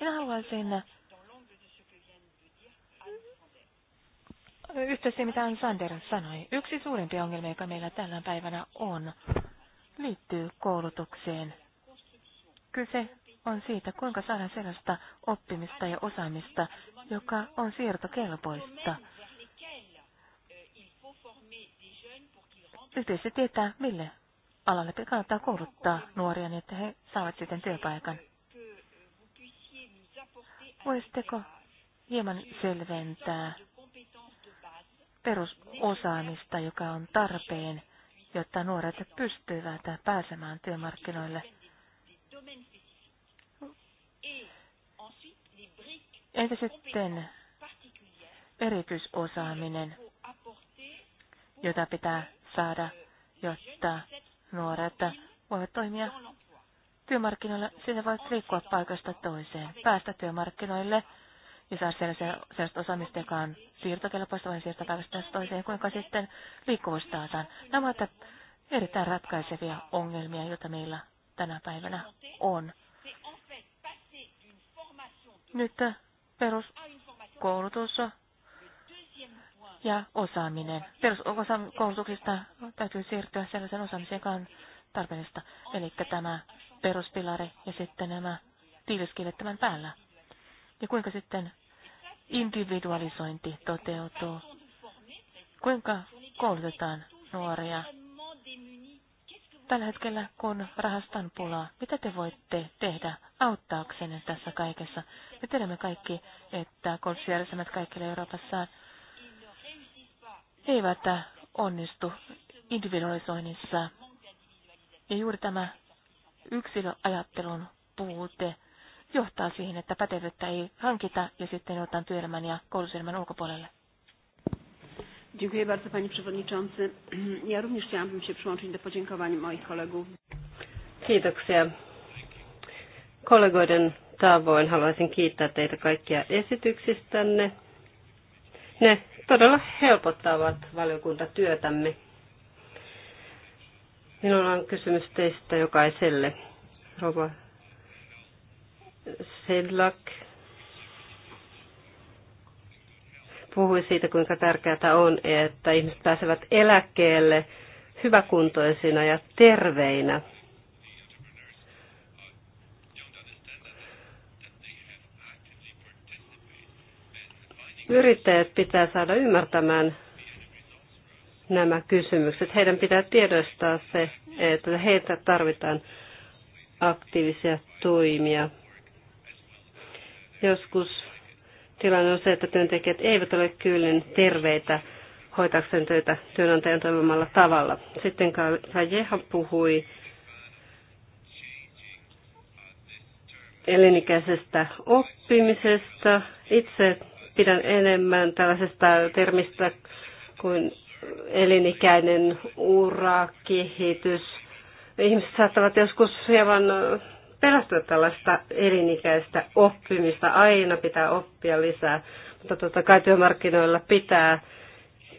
Minä haluaisin yhtä se, mitä Sander sanoi. Yksi suurimpia ongelmia, joka meillä tällä päivänä on, liittyy koulutukseen. Kyse on siitä, kuinka saadaan sellaista oppimista ja osaamista, joka on siirtokelpoista. Yhteisö tietää, mille alalle kannattaa kouluttaa nuoria, niin että he saavat sitten työpaikan. Voisitteko hieman selventää perusosaamista, joka on tarpeen, jotta nuoret pystyvät pääsemään työmarkkinoille. Entä sitten erityisosaaminen, jota pitää saada, jotta nuoret voivat toimia työmarkkinoilla, sillä voit liikkua paikasta toiseen, päästä työmarkkinoille ja saa sellaista, sellaista osaamista, joka on siirtokelpoista vain siirto päivästä toiseen, kuinka sitten liikkuvuus taataan. Nämä ovat erittäin ratkaisevia ongelmia, joita meillä tänä päivänä on. Nyt peruskoulutus ja osaaminen. peruskoulutuksista täytyy siirtyä sellaisen osaamiseen, joka on tarpeellista. Eli tämä peruspilari ja sitten nämä tiiliskillet tämän päällä. Ja kuinka sitten individualisointi toteutuu? Kuinka koulutetaan nuoria? Tällä hetkellä, kun rahastan pulaa, mitä te voitte tehdä auttaaksenne tässä kaikessa? Me tiedämme kaikki, että koulutusjärjestelmät kaikille Euroopassa eivät onnistu individualisoinnissa. Ja juuri tämä yksilöajattelun puute johtaa siihen, että pätevyyttä ei hankita ja sitten otetaan työelämän ja koulutuselämän ulkopuolelle. Dziękuję bardzo Panie Przewodniczący. Ja również chciałabym się przyłączyć do podziękowań moich kolegów. Kiitoksia. Kollegoiden tavoin haluaisin kiittää teitä kaikkia esityksistänne. Ne todella helpottavat valiokuntatyötämme. Minulla on kysymys teistä jokaiselle. Rova Sedlak puhui siitä, kuinka tärkeää on, että ihmiset pääsevät eläkkeelle hyväkuntoisina ja terveinä. Yrittäjät pitää saada ymmärtämään nämä kysymykset. Heidän pitää tiedostaa se, että heiltä tarvitaan aktiivisia toimia. Joskus tilanne on se, että työntekijät eivät ole kyllin terveitä hoitakseen töitä työnantajan toimimalla tavalla. Sitten Jehan puhui elinikäisestä oppimisesta. Itse pidän enemmän tällaisesta termistä kuin elinikäinen ura kehitys. Ihmiset saattavat joskus hieman pelästyä tällaista elinikäistä oppimista. Aina pitää oppia lisää, mutta totta kai työmarkkinoilla pitää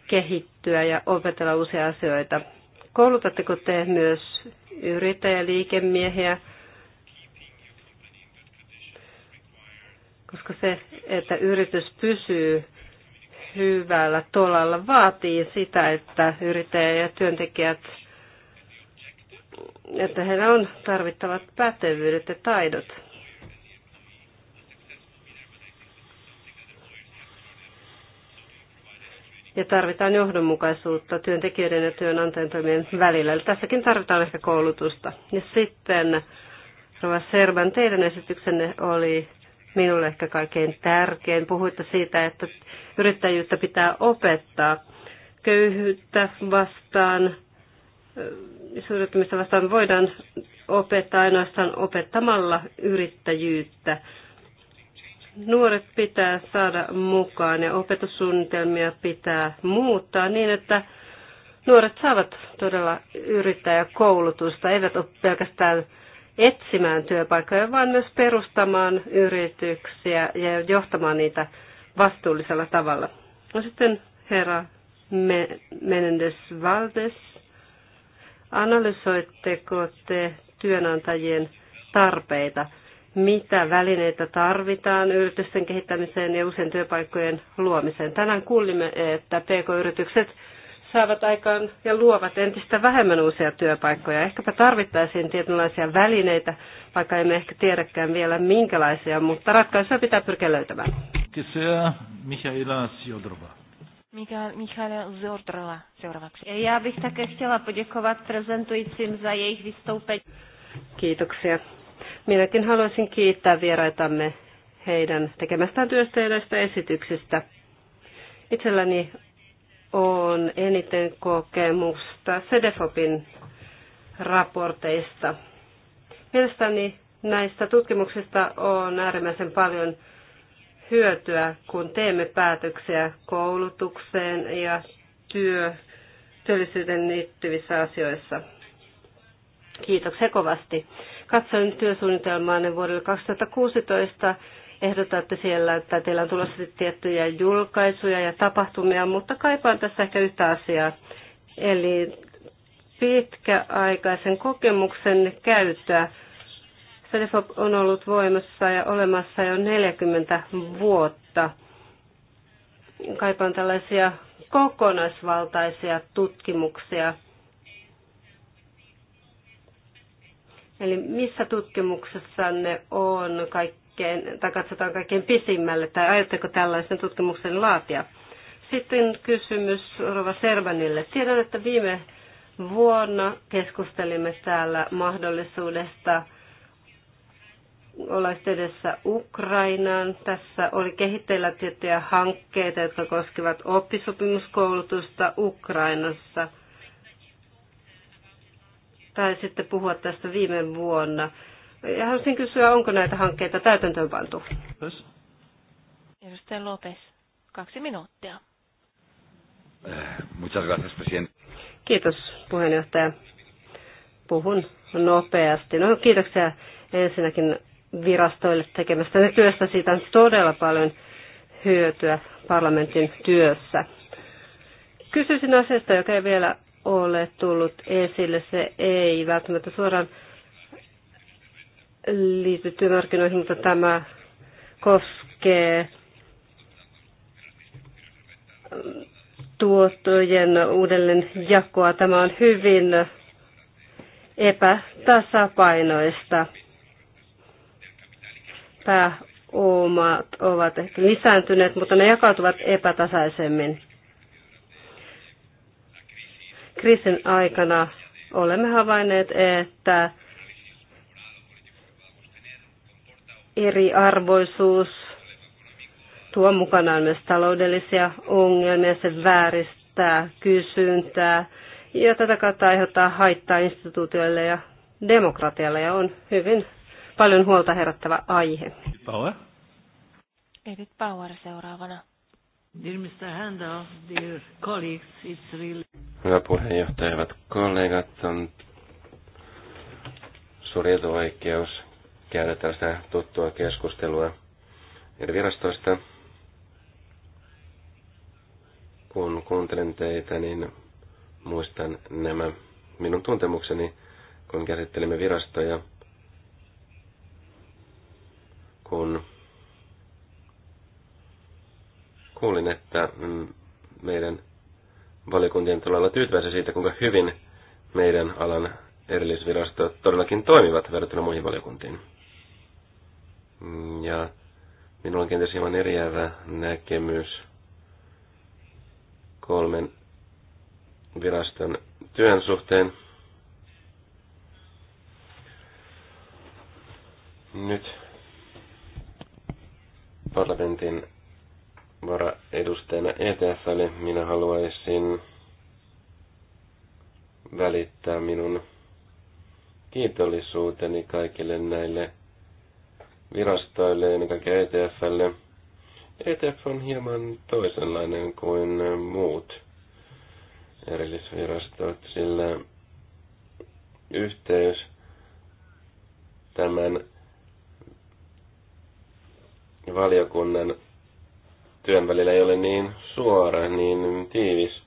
kehittyä ja opetella uusia asioita. Koulutatteko te myös yrittäjä liikemiehiä? Koska se, että yritys pysyy hyvällä tolalla, vaatii sitä, että yrittäjä ja työntekijät että heillä on tarvittavat pätevyydet ja taidot. Ja tarvitaan johdonmukaisuutta työntekijöiden ja työnantajan toimien välillä. Eli tässäkin tarvitaan ehkä koulutusta. Ja sitten, Rova Serban, teidän esityksenne oli minulle ehkä kaikkein tärkein. Puhuitte siitä, että yrittäjyyttä pitää opettaa köyhyyttä vastaan syrjäytymistä vastaan voidaan opettaa ainoastaan opettamalla yrittäjyyttä. Nuoret pitää saada mukaan ja opetussuunnitelmia pitää muuttaa niin, että nuoret saavat todella yrittäjäkoulutusta, eivät ole pelkästään etsimään työpaikkoja, vaan myös perustamaan yrityksiä ja johtamaan niitä vastuullisella tavalla. No sitten herra Menendez Valdes Analysoitteko te työnantajien tarpeita? Mitä välineitä tarvitaan yritysten kehittämiseen ja uusien työpaikkojen luomiseen? Tänään kuulimme, että PK-yritykset saavat aikaan ja luovat entistä vähemmän uusia työpaikkoja. Ehkäpä tarvittaisiin tietynlaisia välineitä, vaikka emme ehkä tiedäkään vielä minkälaisia, mutta ratkaisuja pitää pyrkiä löytämään. Kysyä Mihaila Siodrova. Michal, Michala Zordrova seuraavaksi. E, ja bych také chtěla poděkovat prezentujícím za jejich vystoupení. Kiitoksia. Minäkin haluaisin kiittää vieraitamme heidän tekemästään työstä ja näistä esityksistä. Itselläni on eniten kokemusta Sedefopin raporteista. Mielestäni näistä tutkimuksista on äärimmäisen paljon hyötyä, kun teemme päätöksiä koulutukseen ja työ, työllisyyden liittyvissä asioissa. Kiitoksia kovasti. Katsoin työsuunnitelmaanne vuodelle 2016. Ehdotatte siellä, että teillä on tulossa tiettyjä julkaisuja ja tapahtumia, mutta kaipaan tässä ehkä yhtä asiaa. Eli pitkäaikaisen kokemuksen käyttöä CDFOP on ollut voimassa ja olemassa jo 40 vuotta. Kaipaan tällaisia kokonaisvaltaisia tutkimuksia. Eli missä tutkimuksessa ne on kaikkein, tai katsotaan kaikkein pisimmälle, tai ajatteko tällaisen tutkimuksen laatia? Sitten kysymys Rova Servanille. Tiedän, että viime vuonna keskustelimme täällä mahdollisuudesta olla yhteydessä Ukrainaan. Tässä oli kehitteillä tiettyjä hankkeita, jotka koskivat oppisopimuskoulutusta Ukrainassa. Tai sitten puhua tästä viime vuonna. Ja haluaisin kysyä, onko näitä hankkeita täytäntöön pantu? Edustaja Lopes, kaksi minuuttia. Eh, muchas gracias, presidente. Kiitos, puheenjohtaja. Puhun nopeasti. No, kiitoksia ensinnäkin virastoille tekemästä työstä. Siitä on todella paljon hyötyä parlamentin työssä. Kysyisin asiasta, joka ei vielä ole tullut esille. Se ei välttämättä suoraan liity työmarkkinoihin, mutta tämä koskee tuottojen uudelleen jakoa. Tämä on hyvin epätasapainoista pääomat ovat ehkä lisääntyneet, mutta ne jakautuvat epätasaisemmin. Kriisin aikana olemme havainneet, että eriarvoisuus tuo mukanaan myös taloudellisia ongelmia, se vääristää kysyntää ja tätä kautta aiheuttaa haittaa instituutioille ja demokratialle ja on hyvin paljon huolta herättävä aihe. Power. Edith Power seuraavana. Dear Mr. Handel, dear colleagues, it's really... Hyvä puheenjohtaja, hyvät kollegat, on suuri etuoikeus käydä tällaista tuttua keskustelua eri virastoista. Kun kuuntelen teitä, niin muistan nämä minun tuntemukseni, kun käsittelimme virastoja – kun kuulin, että mm, meidän valiokuntien tulee olla tyytyväisiä siitä, kuinka hyvin meidän alan erillisvirastot todellakin toimivat verrattuna muihin valiokuntiin. Ja minulla on kenties hieman eriävä näkemys kolmen viraston työn suhteen. Nyt parlamentin varaedustajana ETFlle minä haluaisin välittää minun kiitollisuuteni kaikille näille virastoille, ennen kaikkea ETFlle. ETF on hieman toisenlainen kuin muut erillisvirastot, sillä yhteys tämän valiokunnan työn välillä ei ole niin suora, niin tiivis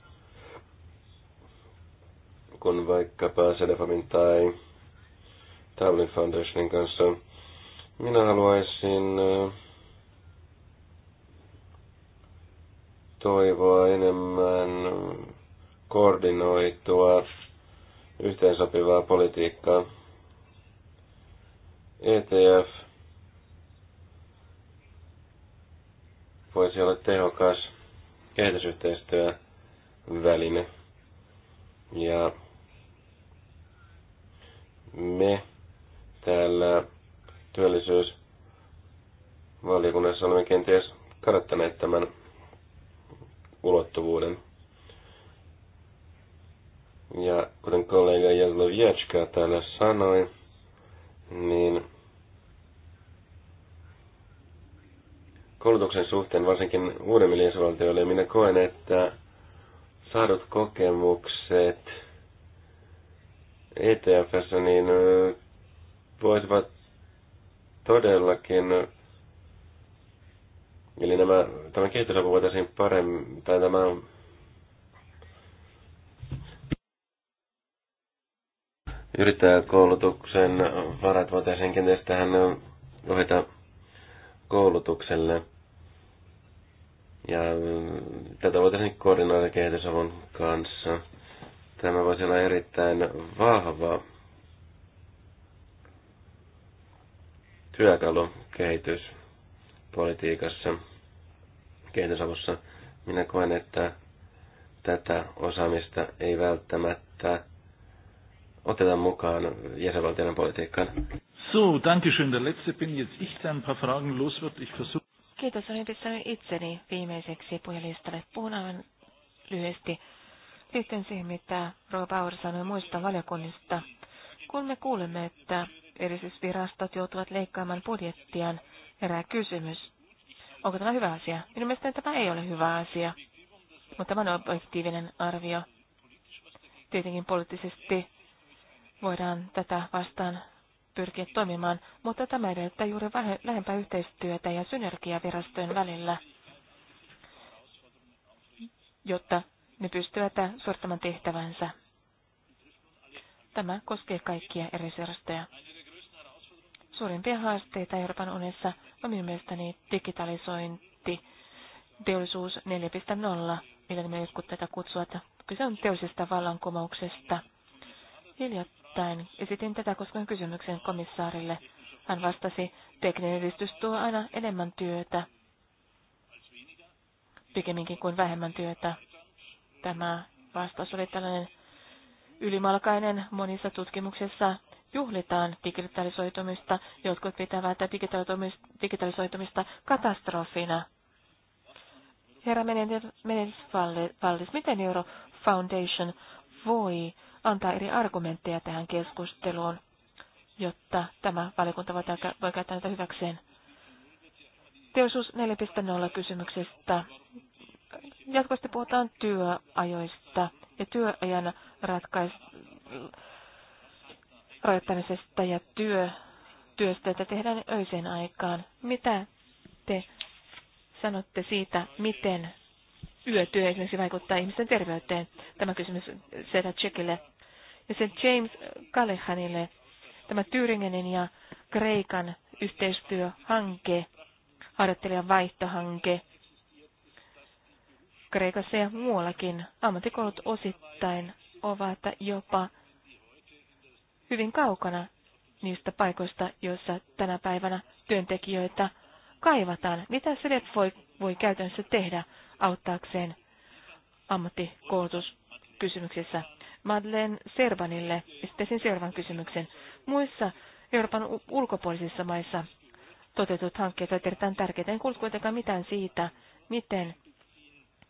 kuin vaikkapa Sedefamin tai Dublin Foundationin kanssa. Minä haluaisin äh, toivoa enemmän koordinoitua yhteensopivaa politiikkaa. ETF voisi olla tehokas väline Ja me täällä työllisyysvaliokunnassa olemme kenties kadottaneet tämän ulottuvuuden. Ja kuten kollega Jazlovietska täällä sanoi, niin koulutuksen suhteen, varsinkin uudemmille jäsenvaltioille, minä koen, että saadut kokemukset ETFssä niin voisivat todellakin, eli nämä, tämä kehitysapu voitaisiin paremmin, tai tämä yrittäjäkoulutuksen varat voitaisiin kenties tähän ohjata koulutukselle. Ja mm, tätä voitaisiin koordinoida kehitysavun kanssa. Tämä voisi olla erittäin vahva työkalu kehityspolitiikassa, kehitysavussa. Minä koen, että tätä osaamista ei välttämättä oteta mukaan jäsenvaltioiden politiikkaan. So, danke schön. Der letzte bin jetzt ich, der ein paar Fragen los wird. Ich versuche. Kiitos, olen pistänyt itseni viimeiseksi puhelistalle. Puhun aivan lyhyesti liittyen siihen, mitä Roa Bauer sanoi muista valiokunnista. Kun me kuulemme, että erityisvirastot joutuvat leikkaamaan budjettiaan, herää kysymys. Onko tämä hyvä asia? Minun mielestäni tämä ei ole hyvä asia, mutta tämä on objektiivinen arvio. Tietenkin poliittisesti voidaan tätä vastaan pyrkiä toimimaan, mutta tämä edellyttää juuri vähän lähempää yhteistyötä ja synergiavirastojen välillä, jotta ne pystyvät suorittamaan tehtävänsä. Tämä koskee kaikkia eri virastoja. Suurimpia haasteita Euroopan unessa on minun mielestäni digitalisointi, teollisuus 4.0, millä me jotkut tätä kutsuvat. Kyse on teollisesta vallankumouksesta. Hiljattain Hiljattain esitin tätä koskevan kysymyksen komissaarille. Hän vastasi, tekninen edistys tuo aina enemmän työtä, pikemminkin kuin vähemmän työtä. Tämä vastaus oli tällainen ylimalkainen. Monissa tutkimuksissa juhlitaan digitalisoitumista. Jotkut pitävät digitalisoitumista katastrofina. Herra Menendez Vallis, miten Euro Foundation voi antaa eri argumentteja tähän keskusteluun, jotta tämä valiokunta voi, käyttää näitä hyväkseen. Teosuus 4.0 kysymyksestä. Jatkuvasti puhutaan työajoista ja työajan ratkais, rajoittamisesta ja työ, työstä, jota tehdään öiseen aikaan. Mitä te sanotte siitä, miten yötyö esimerkiksi vaikuttaa ihmisten terveyteen. Tämä kysymys Seta Tsekille. Ja sen James Kalehanille tämä Tyyringenin ja Kreikan yhteistyöhanke, harjoittelijan vaihtohanke, Kreikassa ja muuallakin ammattikoulut osittain ovat jopa hyvin kaukana niistä paikoista, joissa tänä päivänä työntekijöitä kaivataan. Mitä se voi, voi käytännössä tehdä? auttaakseen ammattikoulutuskysymyksessä. Madeleine Servanille esittäisin seuraavan kysymyksen. Muissa Euroopan ulkopuolisissa maissa toteutut hankkeet ovat erittäin tärkeitä. En kuullut kuitenkaan mitään siitä, miten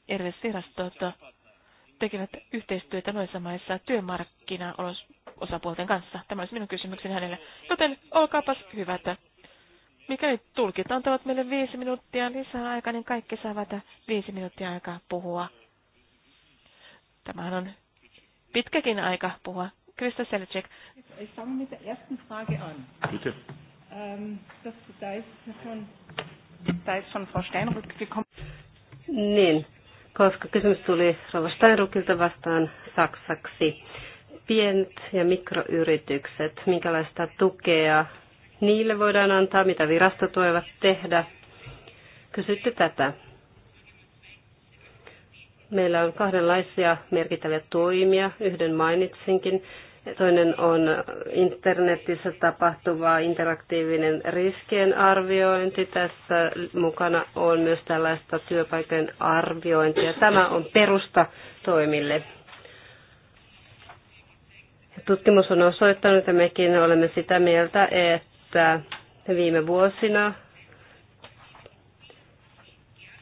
erilaiset virastot tekevät yhteistyötä noissa maissa työmarkkinaosapuolten kanssa. Tämä olisi minun kysymykseni hänelle. Joten olkaapas hyvät Mikäli tulkit antavat meille viisi minuuttia lisää aikaa, niin kaikki saavat viisi minuuttia aikaa puhua. Tämähän on pitkäkin aika puhua. Krista Selicek. Ich fange mit der ersten Frage an. Bitte. Ähm, das, da, ist schon, da ist schon Frau Steinrück gekommen. Niin, koska kysymys tuli Rova Steinrukilta vastaan saksaksi. Pienet ja mikroyritykset, minkälaista tukea niille voidaan antaa, mitä virastot voivat tehdä. Kysytte tätä. Meillä on kahdenlaisia merkittäviä toimia. Yhden mainitsinkin. Toinen on internetissä tapahtuva interaktiivinen riskien arviointi. Tässä mukana on myös tällaista työpaikojen arviointia. Tämä on perusta toimille. Tutkimus on osoittanut, ja mekin olemme sitä mieltä, että että viime vuosina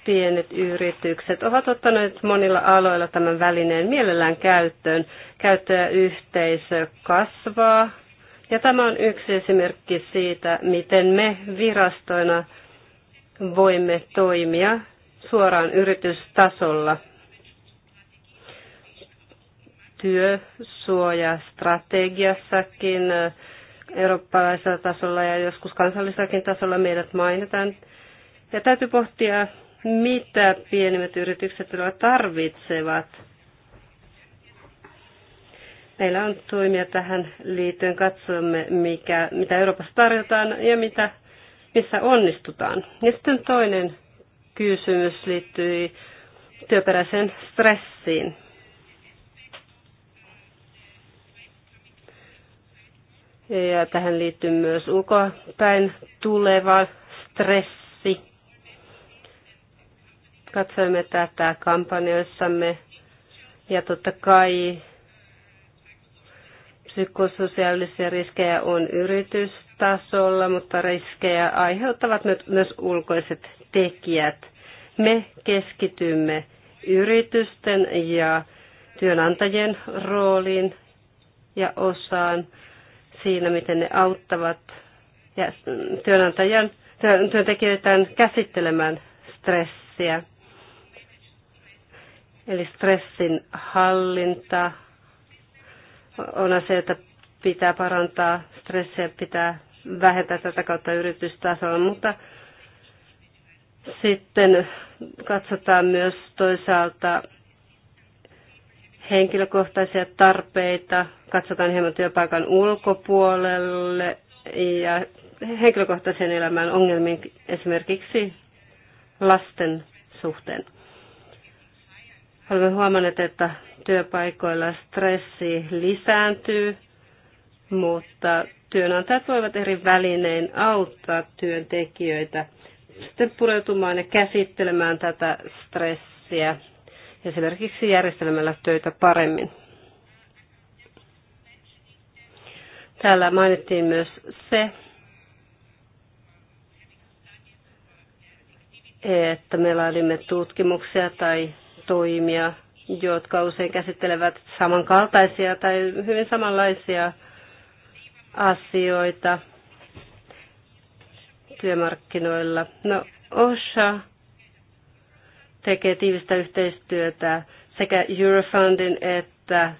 pienet yritykset ovat ottaneet monilla aloilla tämän välineen mielellään käyttöön. Käyttäjäyhteisö kasvaa ja tämä on yksi esimerkki siitä, miten me virastoina voimme toimia suoraan yritystasolla. Työsuojastrategiassakin strategiassakin eurooppalaisella tasolla ja joskus kansallisellakin tasolla meidät mainitaan. Ja täytyy pohtia, mitä pienimmät yritykset tarvitsevat. Meillä on toimia tähän liittyen. Katsomme, mikä, mitä Euroopassa tarjotaan ja mitä, missä onnistutaan. Ja sitten toinen kysymys liittyy työperäiseen stressiin. Ja tähän liittyy myös ulkopäin tuleva stressi. Katsoimme tätä kampanjoissamme ja totta kai psykososiaalisia riskejä on yritystasolla, mutta riskejä aiheuttavat myös ulkoiset tekijät. Me keskitymme yritysten ja työnantajien rooliin ja osaan siinä, miten ne auttavat työnantajan, työntekijöitään käsittelemään stressiä. Eli stressin hallinta on asia, että pitää parantaa stressiä, pitää vähentää tätä kautta yritystasolla, mutta sitten katsotaan myös toisaalta henkilökohtaisia tarpeita, katsotaan hieman työpaikan ulkopuolelle ja henkilökohtaisen elämän ongelmiin esimerkiksi lasten suhteen. Olemme huomanneet, että työpaikoilla stressi lisääntyy, mutta työnantajat voivat eri välinein auttaa työntekijöitä sitten pureutumaan ja käsittelemään tätä stressiä esimerkiksi järjestelmällä töitä paremmin. Täällä mainittiin myös se, että me laadimme tutkimuksia tai toimia, jotka usein käsittelevät samankaltaisia tai hyvin samanlaisia asioita työmarkkinoilla. No, OSHA tekee tiivistä yhteistyötä sekä Eurofundin että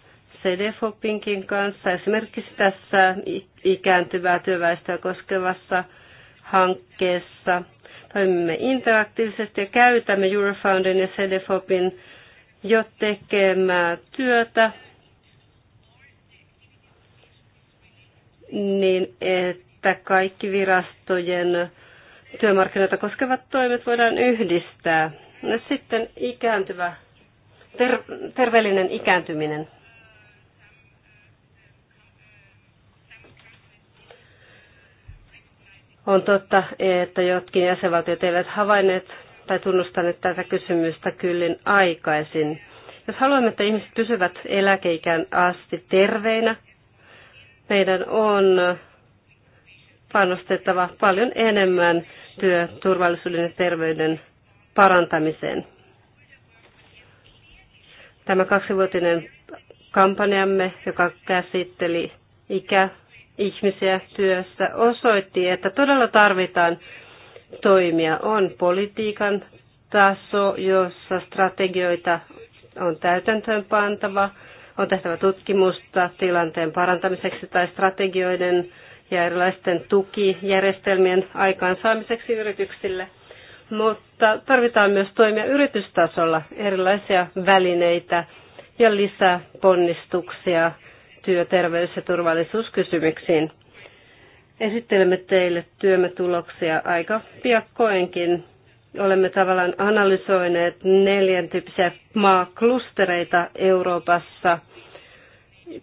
CDFOPinkin kanssa. Esimerkiksi tässä ikääntyvää työväestöä koskevassa hankkeessa toimimme interaktiivisesti ja käytämme Eurofundin ja CDFOPin jo tekemää työtä niin, että kaikki virastojen työmarkkinoita koskevat toimet voidaan yhdistää No sitten ikääntyvä, ter, terveellinen ikääntyminen. On totta, että jotkin jäsenvaltiot eivät havainneet tai tunnustaneet tätä kysymystä kyllin aikaisin. Jos haluamme, että ihmiset pysyvät eläkeikään asti terveinä, meidän on panostettava paljon enemmän työturvallisuuden ja terveyden parantamiseen. Tämä kaksivuotinen kampanjamme, joka käsitteli ikä ihmisiä työssä, osoitti, että todella tarvitaan toimia. On politiikan taso, jossa strategioita on täytäntöön pantava, on tehtävä tutkimusta tilanteen parantamiseksi tai strategioiden ja erilaisten tukijärjestelmien aikaansaamiseksi yrityksille mutta tarvitaan myös toimia yritystasolla, erilaisia välineitä ja lisäponnistuksia työterveys- ja turvallisuuskysymyksiin. Esittelemme teille työmme tuloksia aika piakkoinkin. Olemme tavallaan analysoineet neljän tyyppisiä maaklustereita Euroopassa.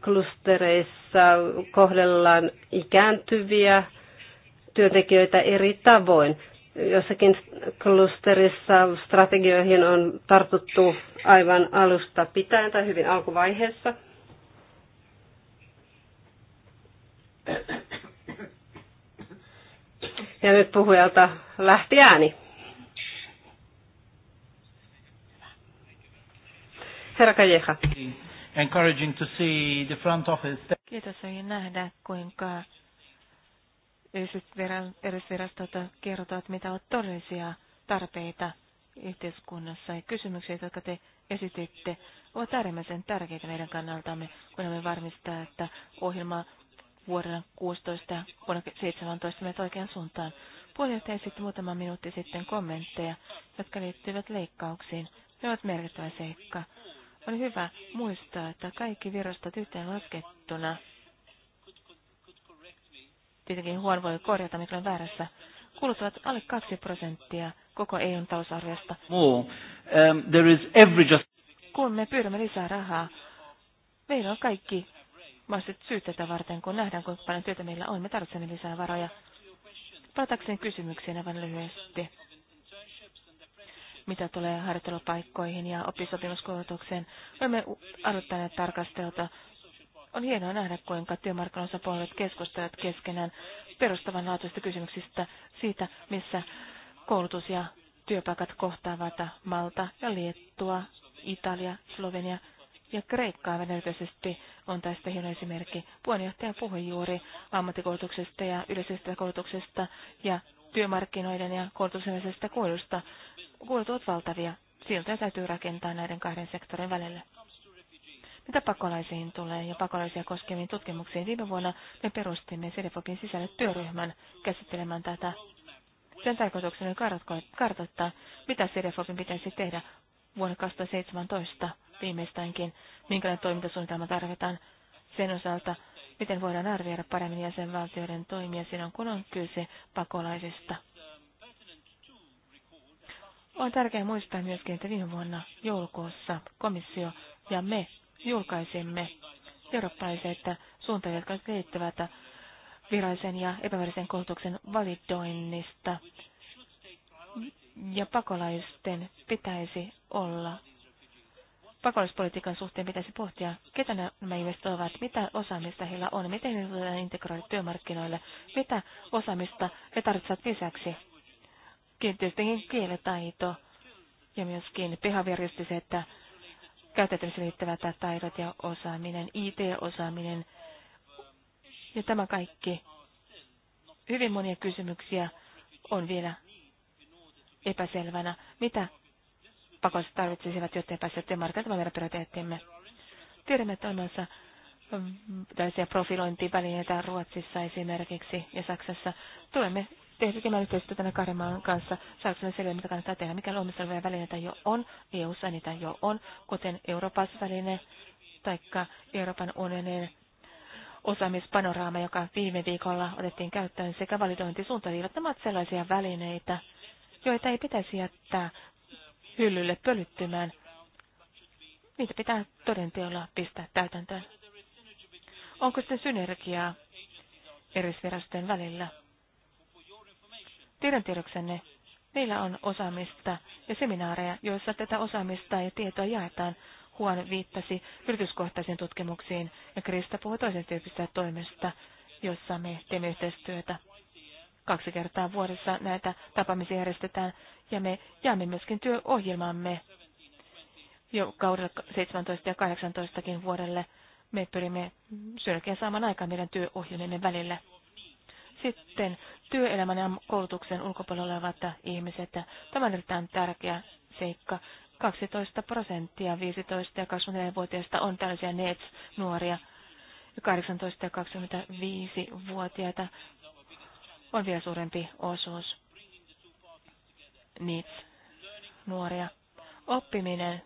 Klustereissa kohdellaan ikääntyviä työntekijöitä eri tavoin jossakin klusterissa strategioihin on tartuttu aivan alusta pitäen tai hyvin alkuvaiheessa. Ja nyt puhujalta lähti ääni. Herra Kajeha. Encouraging to see the front office. Kiitos oli nähdä, kuinka erillisvirastot kertovat, mitä ovat todellisia tarpeita yhteiskunnassa. Ja kysymykset, jotka te esititte, ovat äärimmäisen tärkeitä meidän kannaltamme, kun me varmistaa, että ohjelma vuodella 16 ja vuonna 17 menee oikeaan suuntaan. Puheenjohtaja esitti muutama minuutti sitten kommentteja, jotka liittyvät leikkauksiin. Ne ovat merkittävä seikka. On hyvä muistaa, että kaikki virastot yhteen laskettuna – Tietenkin huon voi korjata, mikä on väärässä. Kuluttavat alle 2 prosenttia koko EUn talousarviosta. Um, kun me pyydämme lisää rahaa, meillä on kaikki mahdolliset syyt tätä varten, kun nähdään, kuinka paljon työtä meillä on. Me tarvitsemme lisää varoja. Palatakseni kysymykseen aivan lyhyesti. Mitä tulee harjoittelupaikkoihin ja oppisopimuskoulutukseen, olemme aloittaneet tarkastelta on hienoa nähdä, kuinka työmarkkinaosapuolet keskustelevat keskenään perustavanlaatuisista kysymyksistä siitä, missä koulutus ja työpaikat kohtaavat Malta ja Liettua, Italia, Slovenia ja Kreikka aivan erityisesti on tästä hieno esimerkki. Puheenjohtaja puhui juuri ammattikoulutuksesta ja yleisestä koulutuksesta ja työmarkkinoiden ja koulutuksellisesta koulusta. Kuilut ovat valtavia. Siltä täytyy rakentaa näiden kahden sektorin välille. Mitä pakolaisiin tulee ja pakolaisia koskeviin tutkimuksiin? Viime vuonna me perustimme Sedefokin sisälle työryhmän käsittelemään tätä. Sen tarkoituksena on kartoittaa, mitä Sedefokin pitäisi tehdä vuonna 2017 viimeistäänkin, minkälainen toimintasuunnitelma tarvitaan sen osalta, miten voidaan arvioida paremmin jäsenvaltioiden toimia silloin, kun on kyse pakolaisista. On tärkeää muistaa myöskin, että viime vuonna joulukuussa komissio ja me julkaisimme eurooppalaiset suuntaan, jotka liittyvät virallisen ja epävirallisen koulutuksen validoinnista. Ja pakolaisten pitäisi olla. Pakolaispolitiikan suhteen pitäisi pohtia, ketä nämä ihmiset ovat, mitä osaamista heillä on, miten he voidaan integroida työmarkkinoille, mitä osaamista he tarvitsevat lisäksi. Tietysti kieletaito ja myöskin että käytettävissä liittyvät taidot ja osaaminen, IT-osaaminen ja tämä kaikki. Hyvin monia kysymyksiä on vielä epäselvänä. Mitä pakolaiset tarvitsisivat, jotta ei pääsevät demarkeilta meidän prioriteettimme? Tiedämme, että olemassa mm, tällaisia profilointivälineitä Ruotsissa esimerkiksi ja Saksassa. Tulemme tehdä tekemään yhteistyötä tänä kahden maan kanssa, saadaan selviä, mitä kannattaa tehdä, mikä luomiselvoja välineitä jo on, EU-ssa niitä jo on, kuten Euroopassa väline, taikka Euroopan unionin osaamispanoraama, joka viime viikolla otettiin käyttöön, sekä validointisuuntaviivat, nämä ovat sellaisia välineitä, joita ei pitäisi jättää hyllylle pölyttymään. Niitä pitää todenteolla pistää täytäntöön. Onko sitten synergiaa eri välillä? Teidän tiedoksenne meillä on osaamista ja seminaareja, joissa tätä osaamista ja tietoa jaetaan. Huon viittasi yrityskohtaisiin tutkimuksiin ja Krista puhui toisen tyyppisestä toimesta, jossa me teemme yhteistyötä. Kaksi kertaa vuodessa näitä tapaamisia järjestetään ja me jaamme myöskin työohjelmamme jo kaudella 17 ja 18 vuodelle. Me pyrimme syrkeä saamaan aikaa meidän työohjelmien välillä. Sitten työelämän ja koulutuksen ulkopuolella olevat ihmiset. Tämä on erittäin tärkeä seikka. 12 prosenttia 15- ja 24-vuotiaista on tällaisia NEETS-nuoria. 18- ja 25-vuotiaita on vielä suurempi osuus NEETS-nuoria. Oppiminen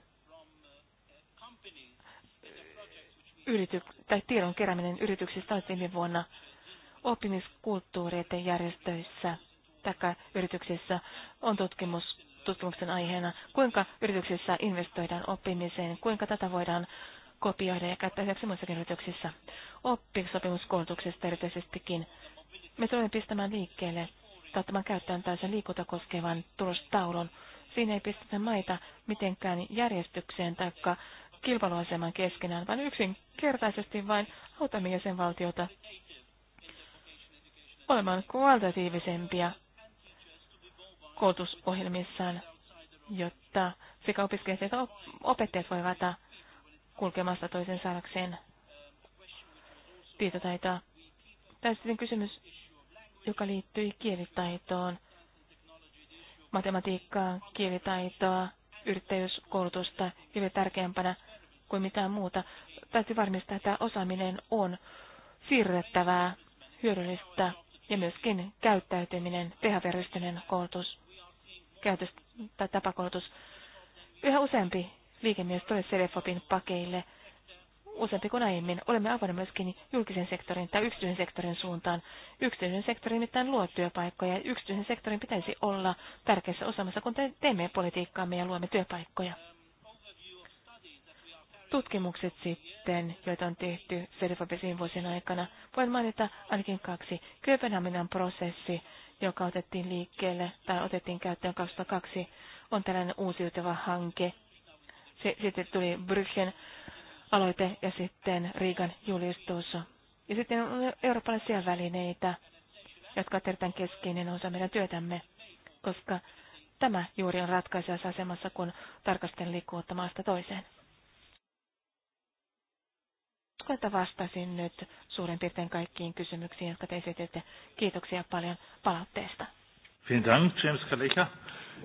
yrity- tai tiedon kerääminen yrityksistä on viime vuonna Oppimiskulttuureiden järjestöissä tai yrityksissä on tutkimus, tutkimuksen aiheena, kuinka yrityksissä investoidaan oppimiseen, kuinka tätä voidaan kopioida ja käyttää yhdeksi muissakin yrityksissä. Oppisopimuskoulutuksesta erityisestikin. Me tulemme pistämään liikkeelle saattamaan käyttöön täysin liikunta koskevan tulostaulun. Siinä ei pistetä maita mitenkään järjestykseen tai kilpailuaseman keskenään, vaan yksinkertaisesti vain autamme jäsenvaltiota olemaan kvalitatiivisempia koulutusohjelmissaan, jotta sekä opiskelijat että opettajat voivat kulkemasta toisen saadakseen tietotaitoa. Tässä sitten kysymys, joka liittyy kielitaitoon, matematiikkaan, kielitaitoa, yrittäjyyskoulutusta ja vielä tärkeämpänä kuin mitään muuta. Täytyy varmistaa, että osaaminen on siirrettävää, hyödyllistä ja myöskin käyttäytyminen, pehaveristinen koulutus, käytös tai tapakoulutus. Yhä useampi liikemies tulee Selefopin pakeille, useampi kuin aiemmin. Olemme avoinna myöskin julkisen sektorin tai yksityisen sektorin suuntaan. Yksityisen sektorin nimittäin luo työpaikkoja yksityisen sektorin pitäisi olla tärkeässä osamassa, kun teemme politiikkaamme ja luomme työpaikkoja tutkimukset sitten, joita on tehty Serifabesin vuosien aikana, voin mainita ainakin kaksi. Kööpenhaminan prosessi, joka otettiin liikkeelle tai otettiin käyttöön 2002, on tällainen uusiutuva hanke. Se, sitten tuli Brüchen aloite ja sitten Riikan julistus. Ja sitten on eurooppalaisia välineitä, jotka ovat erittäin keskeinen osa meidän työtämme, koska tämä juuri on ratkaisijassa asemassa, kun tarkastelen liikkuvuutta maasta toiseen uskon, että vastasin nyt suurin piirtein kaikkiin kysymyksiin, jotka te esititte. Kiitoksia paljon palautteesta. Vielen Dank, James Kalecha.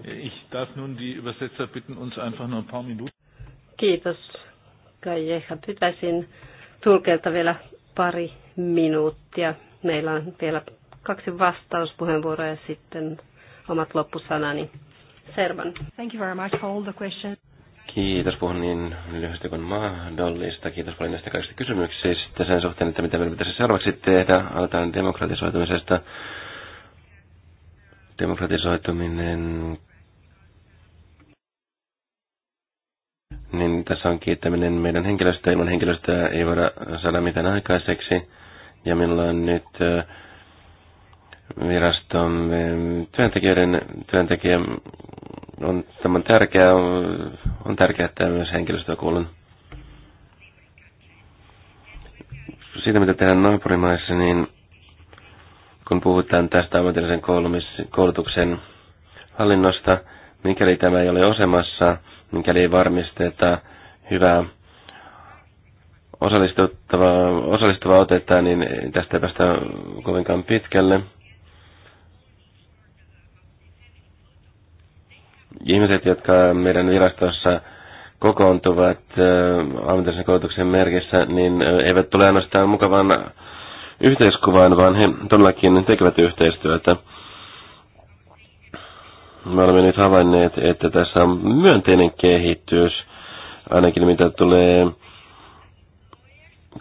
Ich darf nun die Übersetzer bitten, uns einfach nur ein paar Minuten. Kiitos, Kalecha. Pitäisin tulkelta vielä pari minuuttia. Meillä on vielä kaksi vastauspuheenvuoroa ja sitten omat loppusanani. Servan. Thank you very much for all the questions. Kiitos, puhun niin lyhyesti kuin mahdollista. Kiitos paljon näistä kaikista kysymyksistä sen suhteen, että mitä meidän pitäisi seuraavaksi tehdä. Aletaan demokratisoitumisesta. Demokratisoituminen niin tässä on kiittäminen meidän henkilöstöä. Ilman henkilöstöä ei voida saada mitään aikaiseksi. Ja minulla on nyt äh, viraston äh, työntekijöiden työntekijä on, tämä on tärkeää, on tärkeää, että myös henkilöstöä kuulun. Siitä, mitä tehdään naapurimaissa, niin kun puhutaan tästä ammatillisen koulutuksen hallinnosta, mikäli tämä ei ole osemassa, mikäli ei varmisteta hyvää osallistuvaa osallistuvaa otetta, niin tästä ei päästä kovinkaan pitkälle. Ihmiset, jotka meidän virastossa kokoontuvat äh, ammatillisen koulutuksen merkissä, niin äh, eivät tule ainoastaan mukavan yhteiskuvaan, vaan he todellakin tekevät yhteistyötä. Me olemme nyt havainneet, että tässä on myönteinen kehitys, ainakin mitä tulee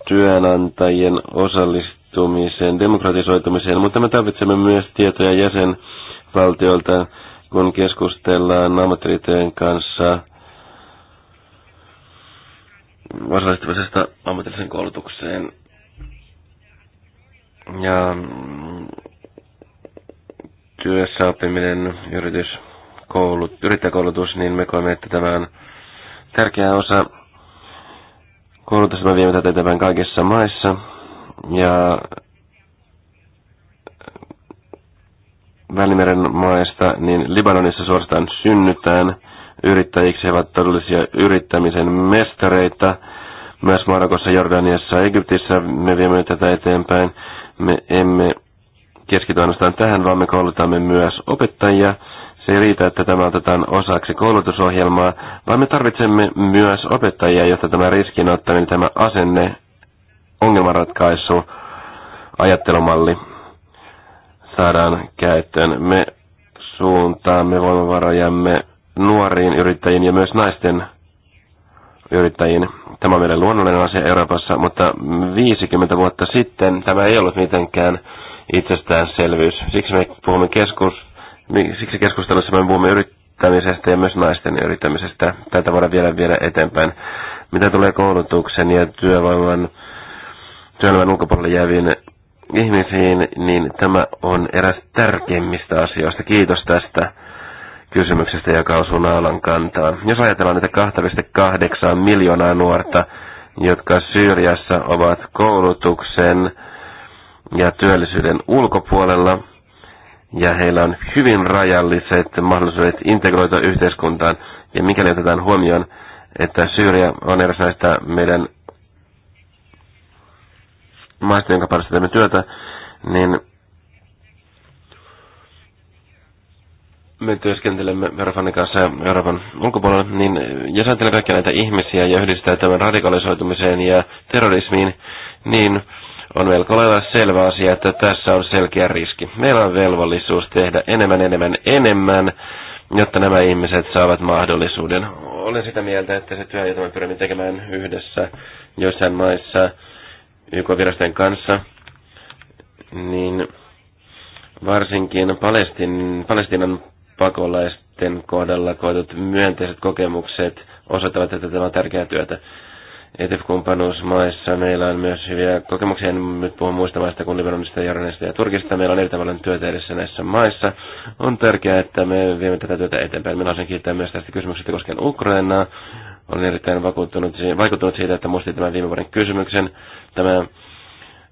työnantajien osallistumiseen, demokratisoitumiseen, mutta me tarvitsemme myös tietoja jäsenvaltiolta kun keskustellaan ammattiliittojen kanssa osallistumisesta ammatilliseen koulutukseen. Ja mm, työssä oppiminen, yritys, koulut, yrittäjäkoulutus, niin me koemme, että tämä on tärkeä osa koulutusta. Me viemme tätä eteenpäin kaikissa maissa. Ja Välimeren maista, niin Libanonissa suorastaan synnytään yrittäjiksi. He ovat todellisia yrittämisen mestareita. Myös Marokossa, Jordaniassa ja Egyptissä me viemme tätä eteenpäin. Me emme keskity ainoastaan tähän, vaan me koulutamme myös opettajia. Se ei riitä, että tämä otetaan osaksi koulutusohjelmaa, vaan me tarvitsemme myös opettajia, jotta tämä riskinottaminen, tämä asenne, ongelmanratkaisu, ajattelumalli saadaan käyttöön. Me suuntaamme voimavarojamme nuoriin yrittäjiin ja myös naisten yrittäjiin. Tämä on meille luonnollinen asia Euroopassa, mutta 50 vuotta sitten tämä ei ollut mitenkään itsestäänselvyys. Siksi me puhumme keskus, siksi keskustelussa me puhumme yrittämisestä ja myös naisten yrittämisestä. Tätä voidaan vielä viedä eteenpäin. Mitä tulee koulutuksen ja työvoiman työelämän ulkopuolelle jäävien ihmisiin, niin tämä on eräs tärkeimmistä asioista. Kiitos tästä kysymyksestä, joka osuu naalan kantaa. Jos ajatellaan niitä 2,8 miljoonaa nuorta, jotka Syyriassa ovat koulutuksen ja työllisyyden ulkopuolella, ja heillä on hyvin rajalliset mahdollisuudet integroitua yhteiskuntaan, ja mikäli otetaan huomioon, että Syyria on eräs näistä meidän maista, jonka parissa teemme työtä, niin me työskentelemme Verofanin kanssa Euroopan ulkopuolella, niin jos ajattelee kaikkia näitä ihmisiä ja yhdistää tämän radikalisoitumiseen ja terrorismiin, niin on melko lailla selvä asia, että tässä on selkeä riski. Meillä on velvollisuus tehdä enemmän, enemmän, enemmän, jotta nämä ihmiset saavat mahdollisuuden. Olen sitä mieltä, että se työ, jota me pyrimme tekemään yhdessä joissain maissa, yk virasten kanssa, niin varsinkin Palestin, Palestinan pakolaisten kohdalla koetut myönteiset kokemukset osoittavat, että tämä on tärkeää työtä. ETF-kumppanuusmaissa meillä on myös hyviä kokemuksia, en nyt puhu muista maista kuin Libanonista, Jordanista ja Turkista. Meillä on erittäin paljon työtä edessä näissä maissa. On tärkeää, että me viemme tätä työtä eteenpäin. Minä haluaisin kiittää myös tästä kysymyksestä koskien Ukrainaa. Olen erittäin vakuuttunut, vaikuttunut siitä, että muistin tämän viime vuoden kysymyksen. Tämä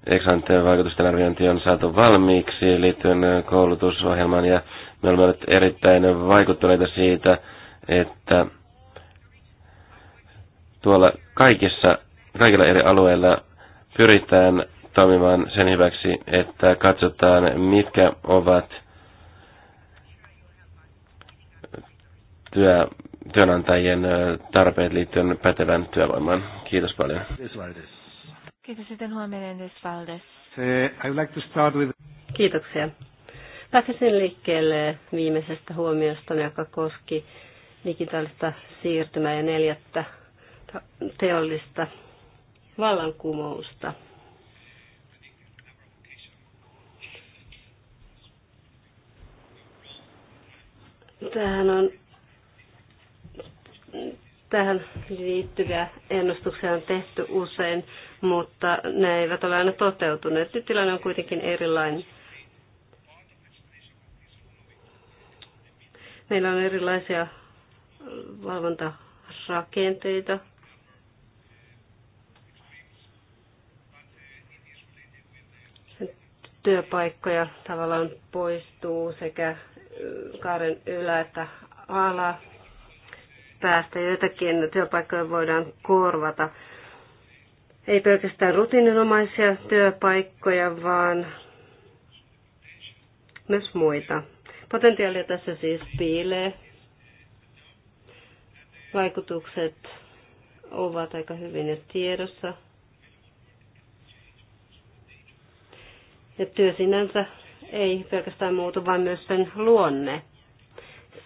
Exanteen vaikutusten arviointi on saatu valmiiksi liittyen koulutusohjelmaan ja me olemme olleet erittäin vaikuttuneita siitä, että tuolla kaikissa, kaikilla eri alueilla pyritään toimimaan sen hyväksi, että katsotaan, mitkä ovat työ, työnantajien tarpeet liittyen pätevän työvoimaan. Kiitos paljon. Kiitos sitten huomioon, Valdes. Kiitoksia. Lähtisin liikkeelle viimeisestä huomiosta, joka koski digitaalista siirtymää ja neljättä teollista vallankumousta. Tähän on tähän liittyviä ennustuksia on tehty usein, mutta ne eivät ole aina toteutuneet. Nyt tilanne on kuitenkin erilainen. Meillä on erilaisia valvontarakenteita. Työpaikkoja tavallaan poistuu sekä kaaren ylä- että ala päästä. Joitakin työpaikkoja voidaan korvata. Ei pelkästään rutiininomaisia työpaikkoja, vaan myös muita. Potentiaalia tässä siis piilee. Vaikutukset ovat aika hyvin jo tiedossa. Ja työ sinänsä ei pelkästään muutu, vaan myös sen luonne.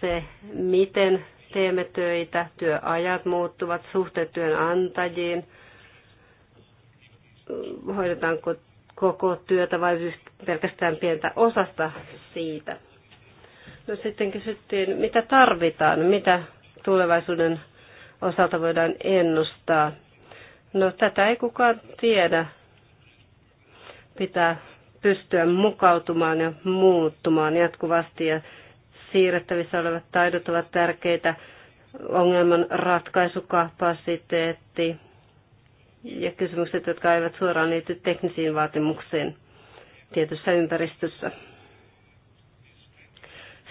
Se, miten teemme töitä, työajat muuttuvat, suhteet työnantajiin, hoidetaanko koko työtä vai pelkästään pientä osasta siitä. No sitten kysyttiin, mitä tarvitaan, mitä tulevaisuuden osalta voidaan ennustaa. No tätä ei kukaan tiedä. Pitää pystyä mukautumaan ja muuttumaan jatkuvasti ja siirrettävissä olevat taidot ovat tärkeitä, ongelman ratkaisukapasiteetti ja kysymykset, jotka eivät suoraan liity teknisiin vaatimuksiin tietyssä ympäristössä.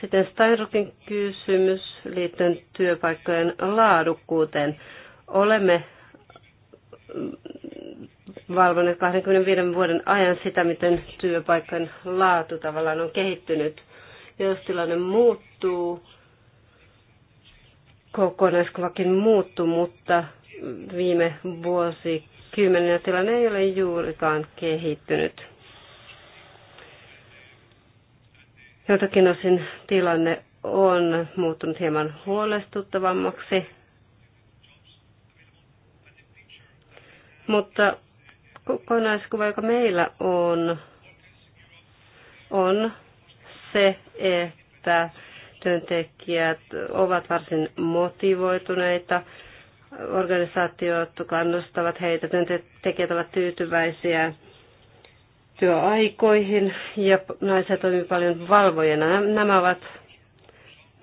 Sitten Steinrokin kysymys liittyen työpaikkojen laadukkuuteen. Olemme valvonneet 25 vuoden ajan sitä, miten työpaikan laatu tavallaan on kehittynyt. Ja jos tilanne muuttuu, kokonaiskuvakin muuttuu, mutta viime vuosikymmeninä tilanne ei ole juurikaan kehittynyt. Jotakin osin tilanne on muuttunut hieman huolestuttavammaksi, mutta kokonaiskuva, joka meillä on, on se, että työntekijät ovat varsin motivoituneita, organisaatiot kannustavat heitä, työntekijät ovat tyytyväisiä työaikoihin ja naiset toimivat paljon valvojana. Nämä ovat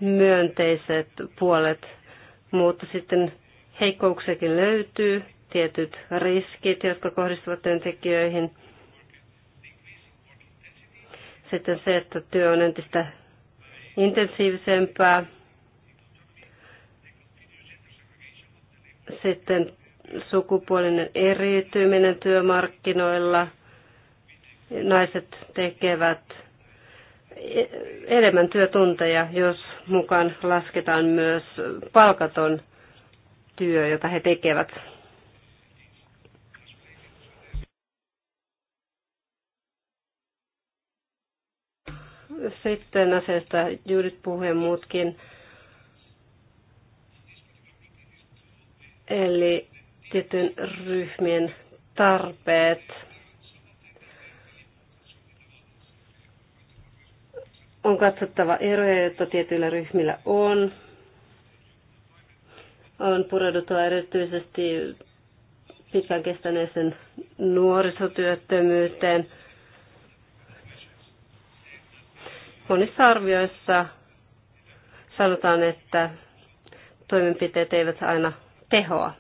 myönteiset puolet, mutta sitten heikkouksiakin löytyy, tietyt riskit, jotka kohdistuvat työntekijöihin – sitten se, että työ on entistä intensiivisempää. Sitten sukupuolinen eriytyminen työmarkkinoilla. Naiset tekevät enemmän työtunteja, jos mukaan lasketaan myös palkaton työ, jota he tekevät Sitten asiasta Judith puhuen muutkin. Eli tietyn ryhmien tarpeet. On katsottava eroja, joita tietyillä ryhmillä on. On pureuduttua erityisesti pitkän kestäneeseen nuorisotyöttömyyteen – Monissa arvioissa sanotaan, että toimenpiteet eivät aina tehoa.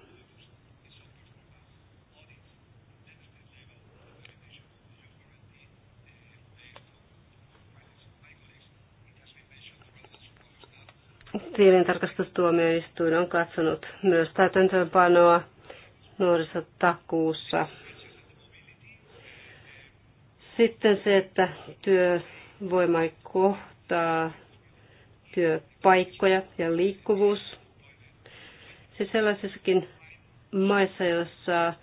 tilintarkastustuomioistuin on katsonut myös täytäntöönpanoa nuorisotakuussa. Sitten se, että työ voimaan kohtaa työpaikkoja ja liikkuvuus. Se siis sellaisessakin maissa, joissa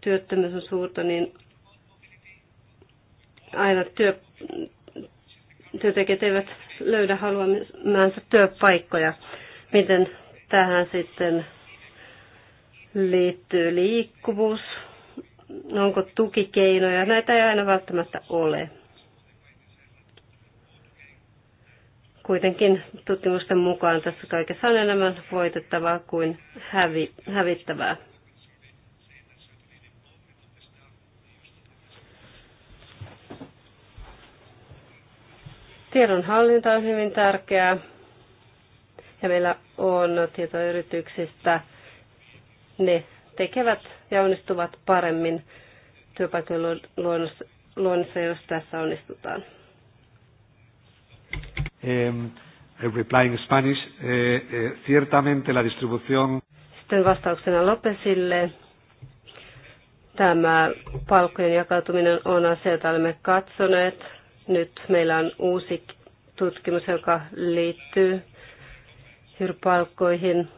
työttömyys on suurta, niin aina työ, työntekijät eivät löydä haluamansa työpaikkoja. Miten tähän sitten liittyy liikkuvuus? Onko tukikeinoja? Näitä ei aina välttämättä ole. Kuitenkin tutkimusten mukaan tässä kaikessa on enemmän voitettavaa kuin hävi, hävittävää. Tiedonhallinta on hyvin tärkeää ja meillä on tietoyrityksistä. Ne tekevät ja onnistuvat paremmin työpaikoilla luonnossa, jos tässä onnistutaan eh, reply in Spanish. Eh, eh, ciertamente la distribución... Sitten vastauksena Lopesille. Tämä palkkojen jakautuminen on asia, jota olemme katsoneet. Nyt meillä on uusi tutkimus, joka liittyy palkkoihin.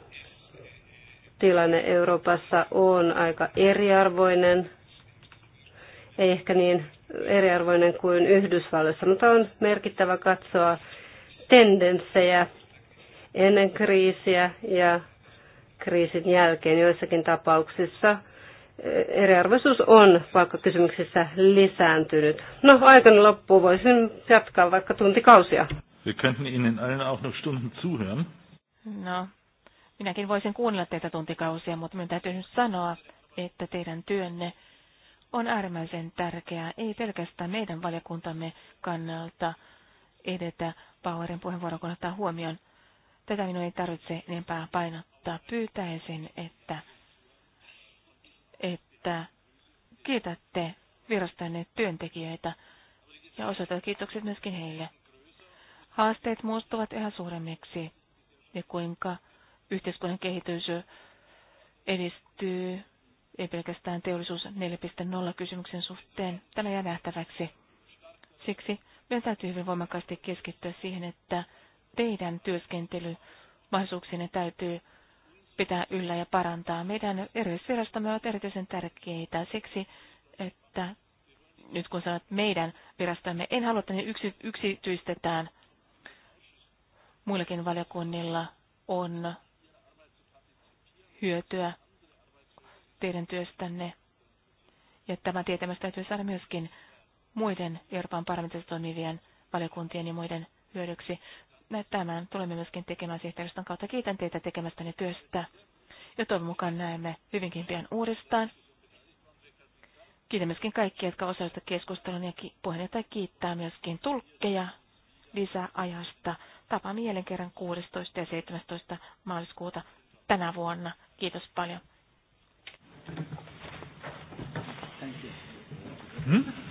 Tilanne Euroopassa on aika eriarvoinen, ei ehkä niin eriarvoinen kuin Yhdysvalloissa, mutta on merkittävä katsoa tendenssejä ennen kriisiä ja kriisin jälkeen joissakin tapauksissa eh, eriarvoisuus on palkkakysymyksissä lisääntynyt. No, aikana loppuu. Voisin jatkaa vaikka tuntikausia. Wir könnten Ihnen allen auch noch Stunden zuhören. No, minäkin voisin kuunnella teitä tuntikausia, mutta minun täytyy nyt sanoa, että teidän työnne on äärimmäisen tärkeää, ei pelkästään meidän valiokuntamme kannalta edetä, Bauerin puheenvuoro, kun ottaa huomioon. Tätä minun ei tarvitse enempää painottaa. Pyytäisin, että, että kiitätte virastanne työntekijöitä ja osoitat kiitokset myöskin heille. Haasteet muuttuvat yhä suuremmiksi ja kuinka yhteiskunnan kehitys edistyy ei pelkästään teollisuus 4.0 kysymyksen suhteen. Tämä jää nähtäväksi. Siksi meidän täytyy hyvin voimakkaasti keskittyä siihen, että teidän työskentelymahdollisuuksienne täytyy pitää yllä ja parantaa. Meidän erillisvirastamme ovat erityisen tärkeitä siksi, että nyt kun sanot meidän virastamme, en halua, että ne yksi, yksityistetään. Muillakin valiokunnilla on hyötyä teidän työstänne. Ja tämä tietämys täytyy saada myöskin muiden Euroopan parlamentissa toimivien valiokuntien ja muiden hyödyksi. Tämän tulemme myöskin tekemään sihteeristön kautta. Kiitän teitä tekemästäni työstä ja toivon mukaan näemme hyvinkin pian uudestaan. Kiitän myöskin kaikkia, jotka osallistuivat keskusteluun ja puheenjohtaja kiittää myöskin tulkkeja lisäajasta. Tapa jälleen kerran 16. ja 17. maaliskuuta tänä vuonna. Kiitos paljon. Thank you. Hmm?